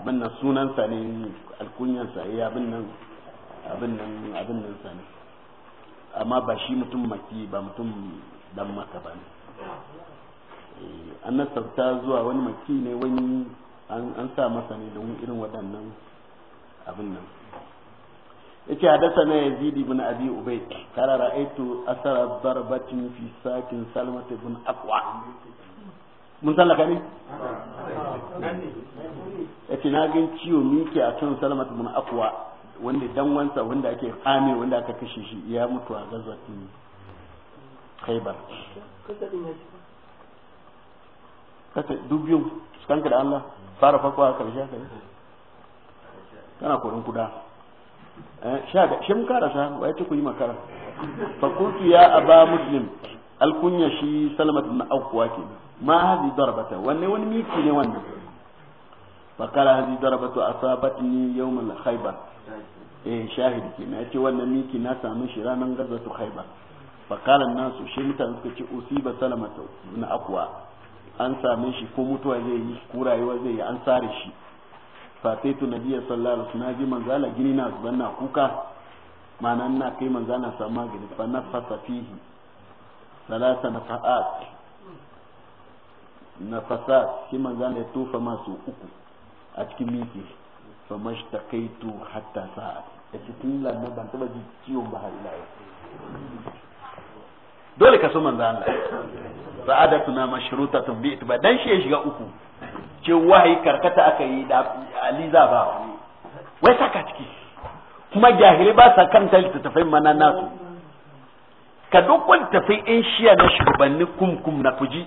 abin nan sunansa ne alkunyansa ya eh, abin nan abin nan abin nan sa ne amma ba shi mutum maki ba mutum dan maka ba ne eh, an nasarta zuwa wani maki ne wani an sa masa ne don irin waɗannan abin nan yace na yazid ibn abi ubayd qala ra'aytu asara darbatin fi sakin salmat ibn aqwa mun sallaka ne yace na ga ciwo miki a kan salmat ibn aqwa wanda dan wansa wanda ake kame wanda aka kashe shi ya mutu a gazatin khaybar kasa dubiyu kanka da Allah fara fakwa karshe kai kana koyon kuda Eh, shi mun karasa wai ta ku yi makara kuntu ya aba muslim kunya shi salamat na aukuwa ke ma hadi darbata wanne wani miki ne wannan fakara hadi darbata asabatni yawmal khaybar eh shahidi ke na ce wannan miki na samu shi ranar gazatu khaybar fakara nasu shi mutane suka ce usiba salmat na akwa an same shi ko mutuwa zai yi ko rayuwa zai yi an sare shi fataitu nabiyya sallallahu alaihi wasallam ji manzala gini na zuban na kuka ma'ana na kai manzana samu magani fa fasa fihi salasa na fasa shi manzana ya tofa masu uku a cikin miki fa mashtaqaitu hatta sa'at da cikin lanna ban taba ji ciwon ba har ila dole ka so manzana sa'adatu na mashrutatun bi itba dan shi ya shiga uku ce wahayi karkata aka yi da aliza ba wai saka ciki kuma jahilai ba sa kanta littattafai mana nasu ka dukkan tafai in shiya na shugabanni kumkum na fuji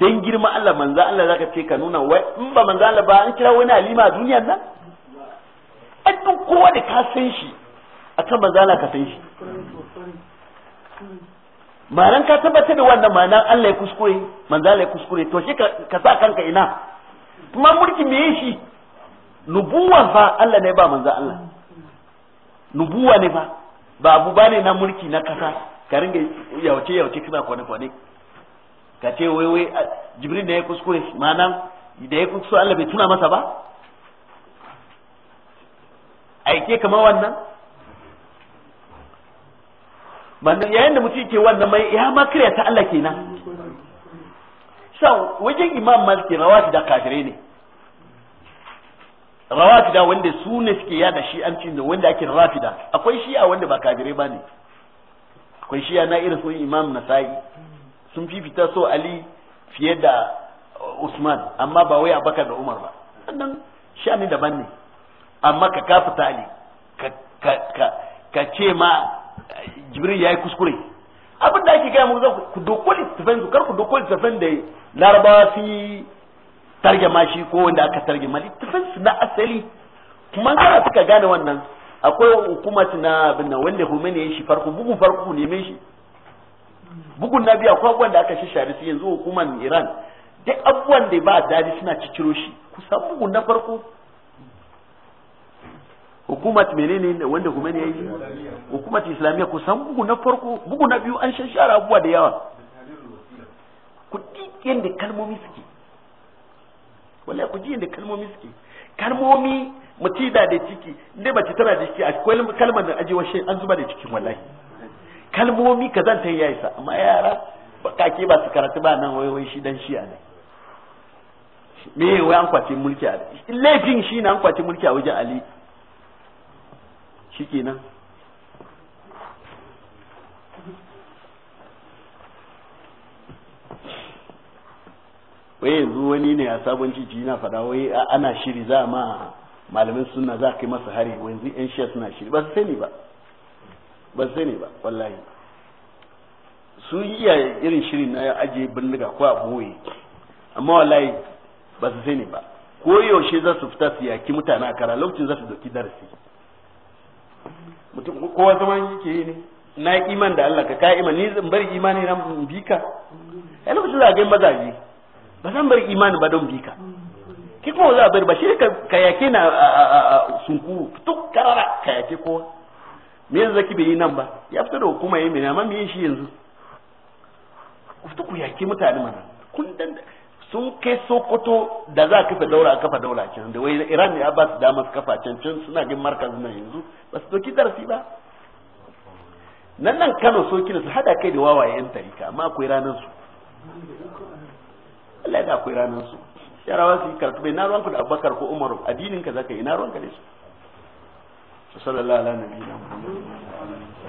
don girma Allah manza Allah ka ce ka nuna wai in ba manzan Allah ba an kira wani alima a duniyar nan a duk kowa da ka san shi a kan manzo Allah ka san shi ma'anan ka tabbatar da wannan ma'anan Allah ya kuskure manzo Allah ya kuskure to shi ka sa kanka ina kuma mulki me shi nubuwan fa Allah ne ba manzo Allah nubuwa ne fa ba abu bane na mulki na kasa ka ringa yauce yauce kana kwane kwane ka ce wai wai Jibril ne ya kuskure ma'anan da ya kuskure Allah bai tuna masa ba aike kamar wannan manzon yayin da mutum ke wannan mai ya ma kare ta Allah kenan sau wajen imam malik rawati da kafire ne da wanda su ne suke yada shi'anci da wanda ake rafida akwai shi'a wanda ba kafire ba ne akwai shi'a na irin sun imam nasa'i sun fifita so ali fiye da usman amma ba wai abakar da umar ba sannan sha'ani daban ne amma ka kafita ali ka ce ma jibril ya yi kuskure abin da ake gaya mu zan ku doko littafin su kar ku doko littafin da larabawa sun yi targama shi ko wanda aka targama littafin su na asali kuma kana suka gane wannan akwai hukumat na abin nan wanda Khomeini ya shi farko bugun farko ku neme shi bugun na biya akwai abubuwan da aka shishare su yanzu hukuman Iran duk abubuwan da ba dadi suna ciciro shi kusan bugun na farko hukumat menene wanda kuma ne yayi hukumat islamiyya san bugu na farko bugu na biyu an shashara abubuwa da yawa ku ji yadda kalmomi suke wallahi ku ji yadda kalmomi suke kalmomi mace da da ciki inda mace tana da ciki akwai kalmar da ajewa washe an zuba da cikin wallahi kalmomi kazanta yayi sa amma yara kake ba su karatu ba nan wai shi dan shi ne me wai an kwace mulki a laifin shi ne an kwace mulki a wajen ali shikenan wai yanzu wani ne a sabon ciki na fada wai ana shiri za ma malamin suna za kai masa hari yanzu yan shiya suna shiri ba su sani ba ba su sani ba wallahi sun iya irin shiri na ajiye bindiga ko a boye amma wallahi ba su sani ba ko yaushe za su fita su yaki mutane a kara lokacin za su doki darasi mutum kowa zaman yake yi ne na iman da Allah ka ka iman ni zan bar imani na bi ai lokacin da ga mazaje ba zan bar imani ba don bi ki kuma za a bar ba shi ka ka yake na sunku duk karara ka yake kowa me yanzu zaki bai nan ba ya fita da hukuma yayi mai amma me shi yanzu ku fita ku yake mutane mana kun dan sun kai sokoto da za a kafa daura a kafa daura can da wai iran ya ba su damar kafa can can suna jin markaz nan yanzu ba su doki darasi ba nan nan kano soki su hada kai da wawaye yan tarika amma akwai ranar su Allah ya akwai ranar su yarawa su yi karatu bai na ku da abubakar ko umaru addinin ka zaka yi na ka da su sallallahu alaihi wa sallam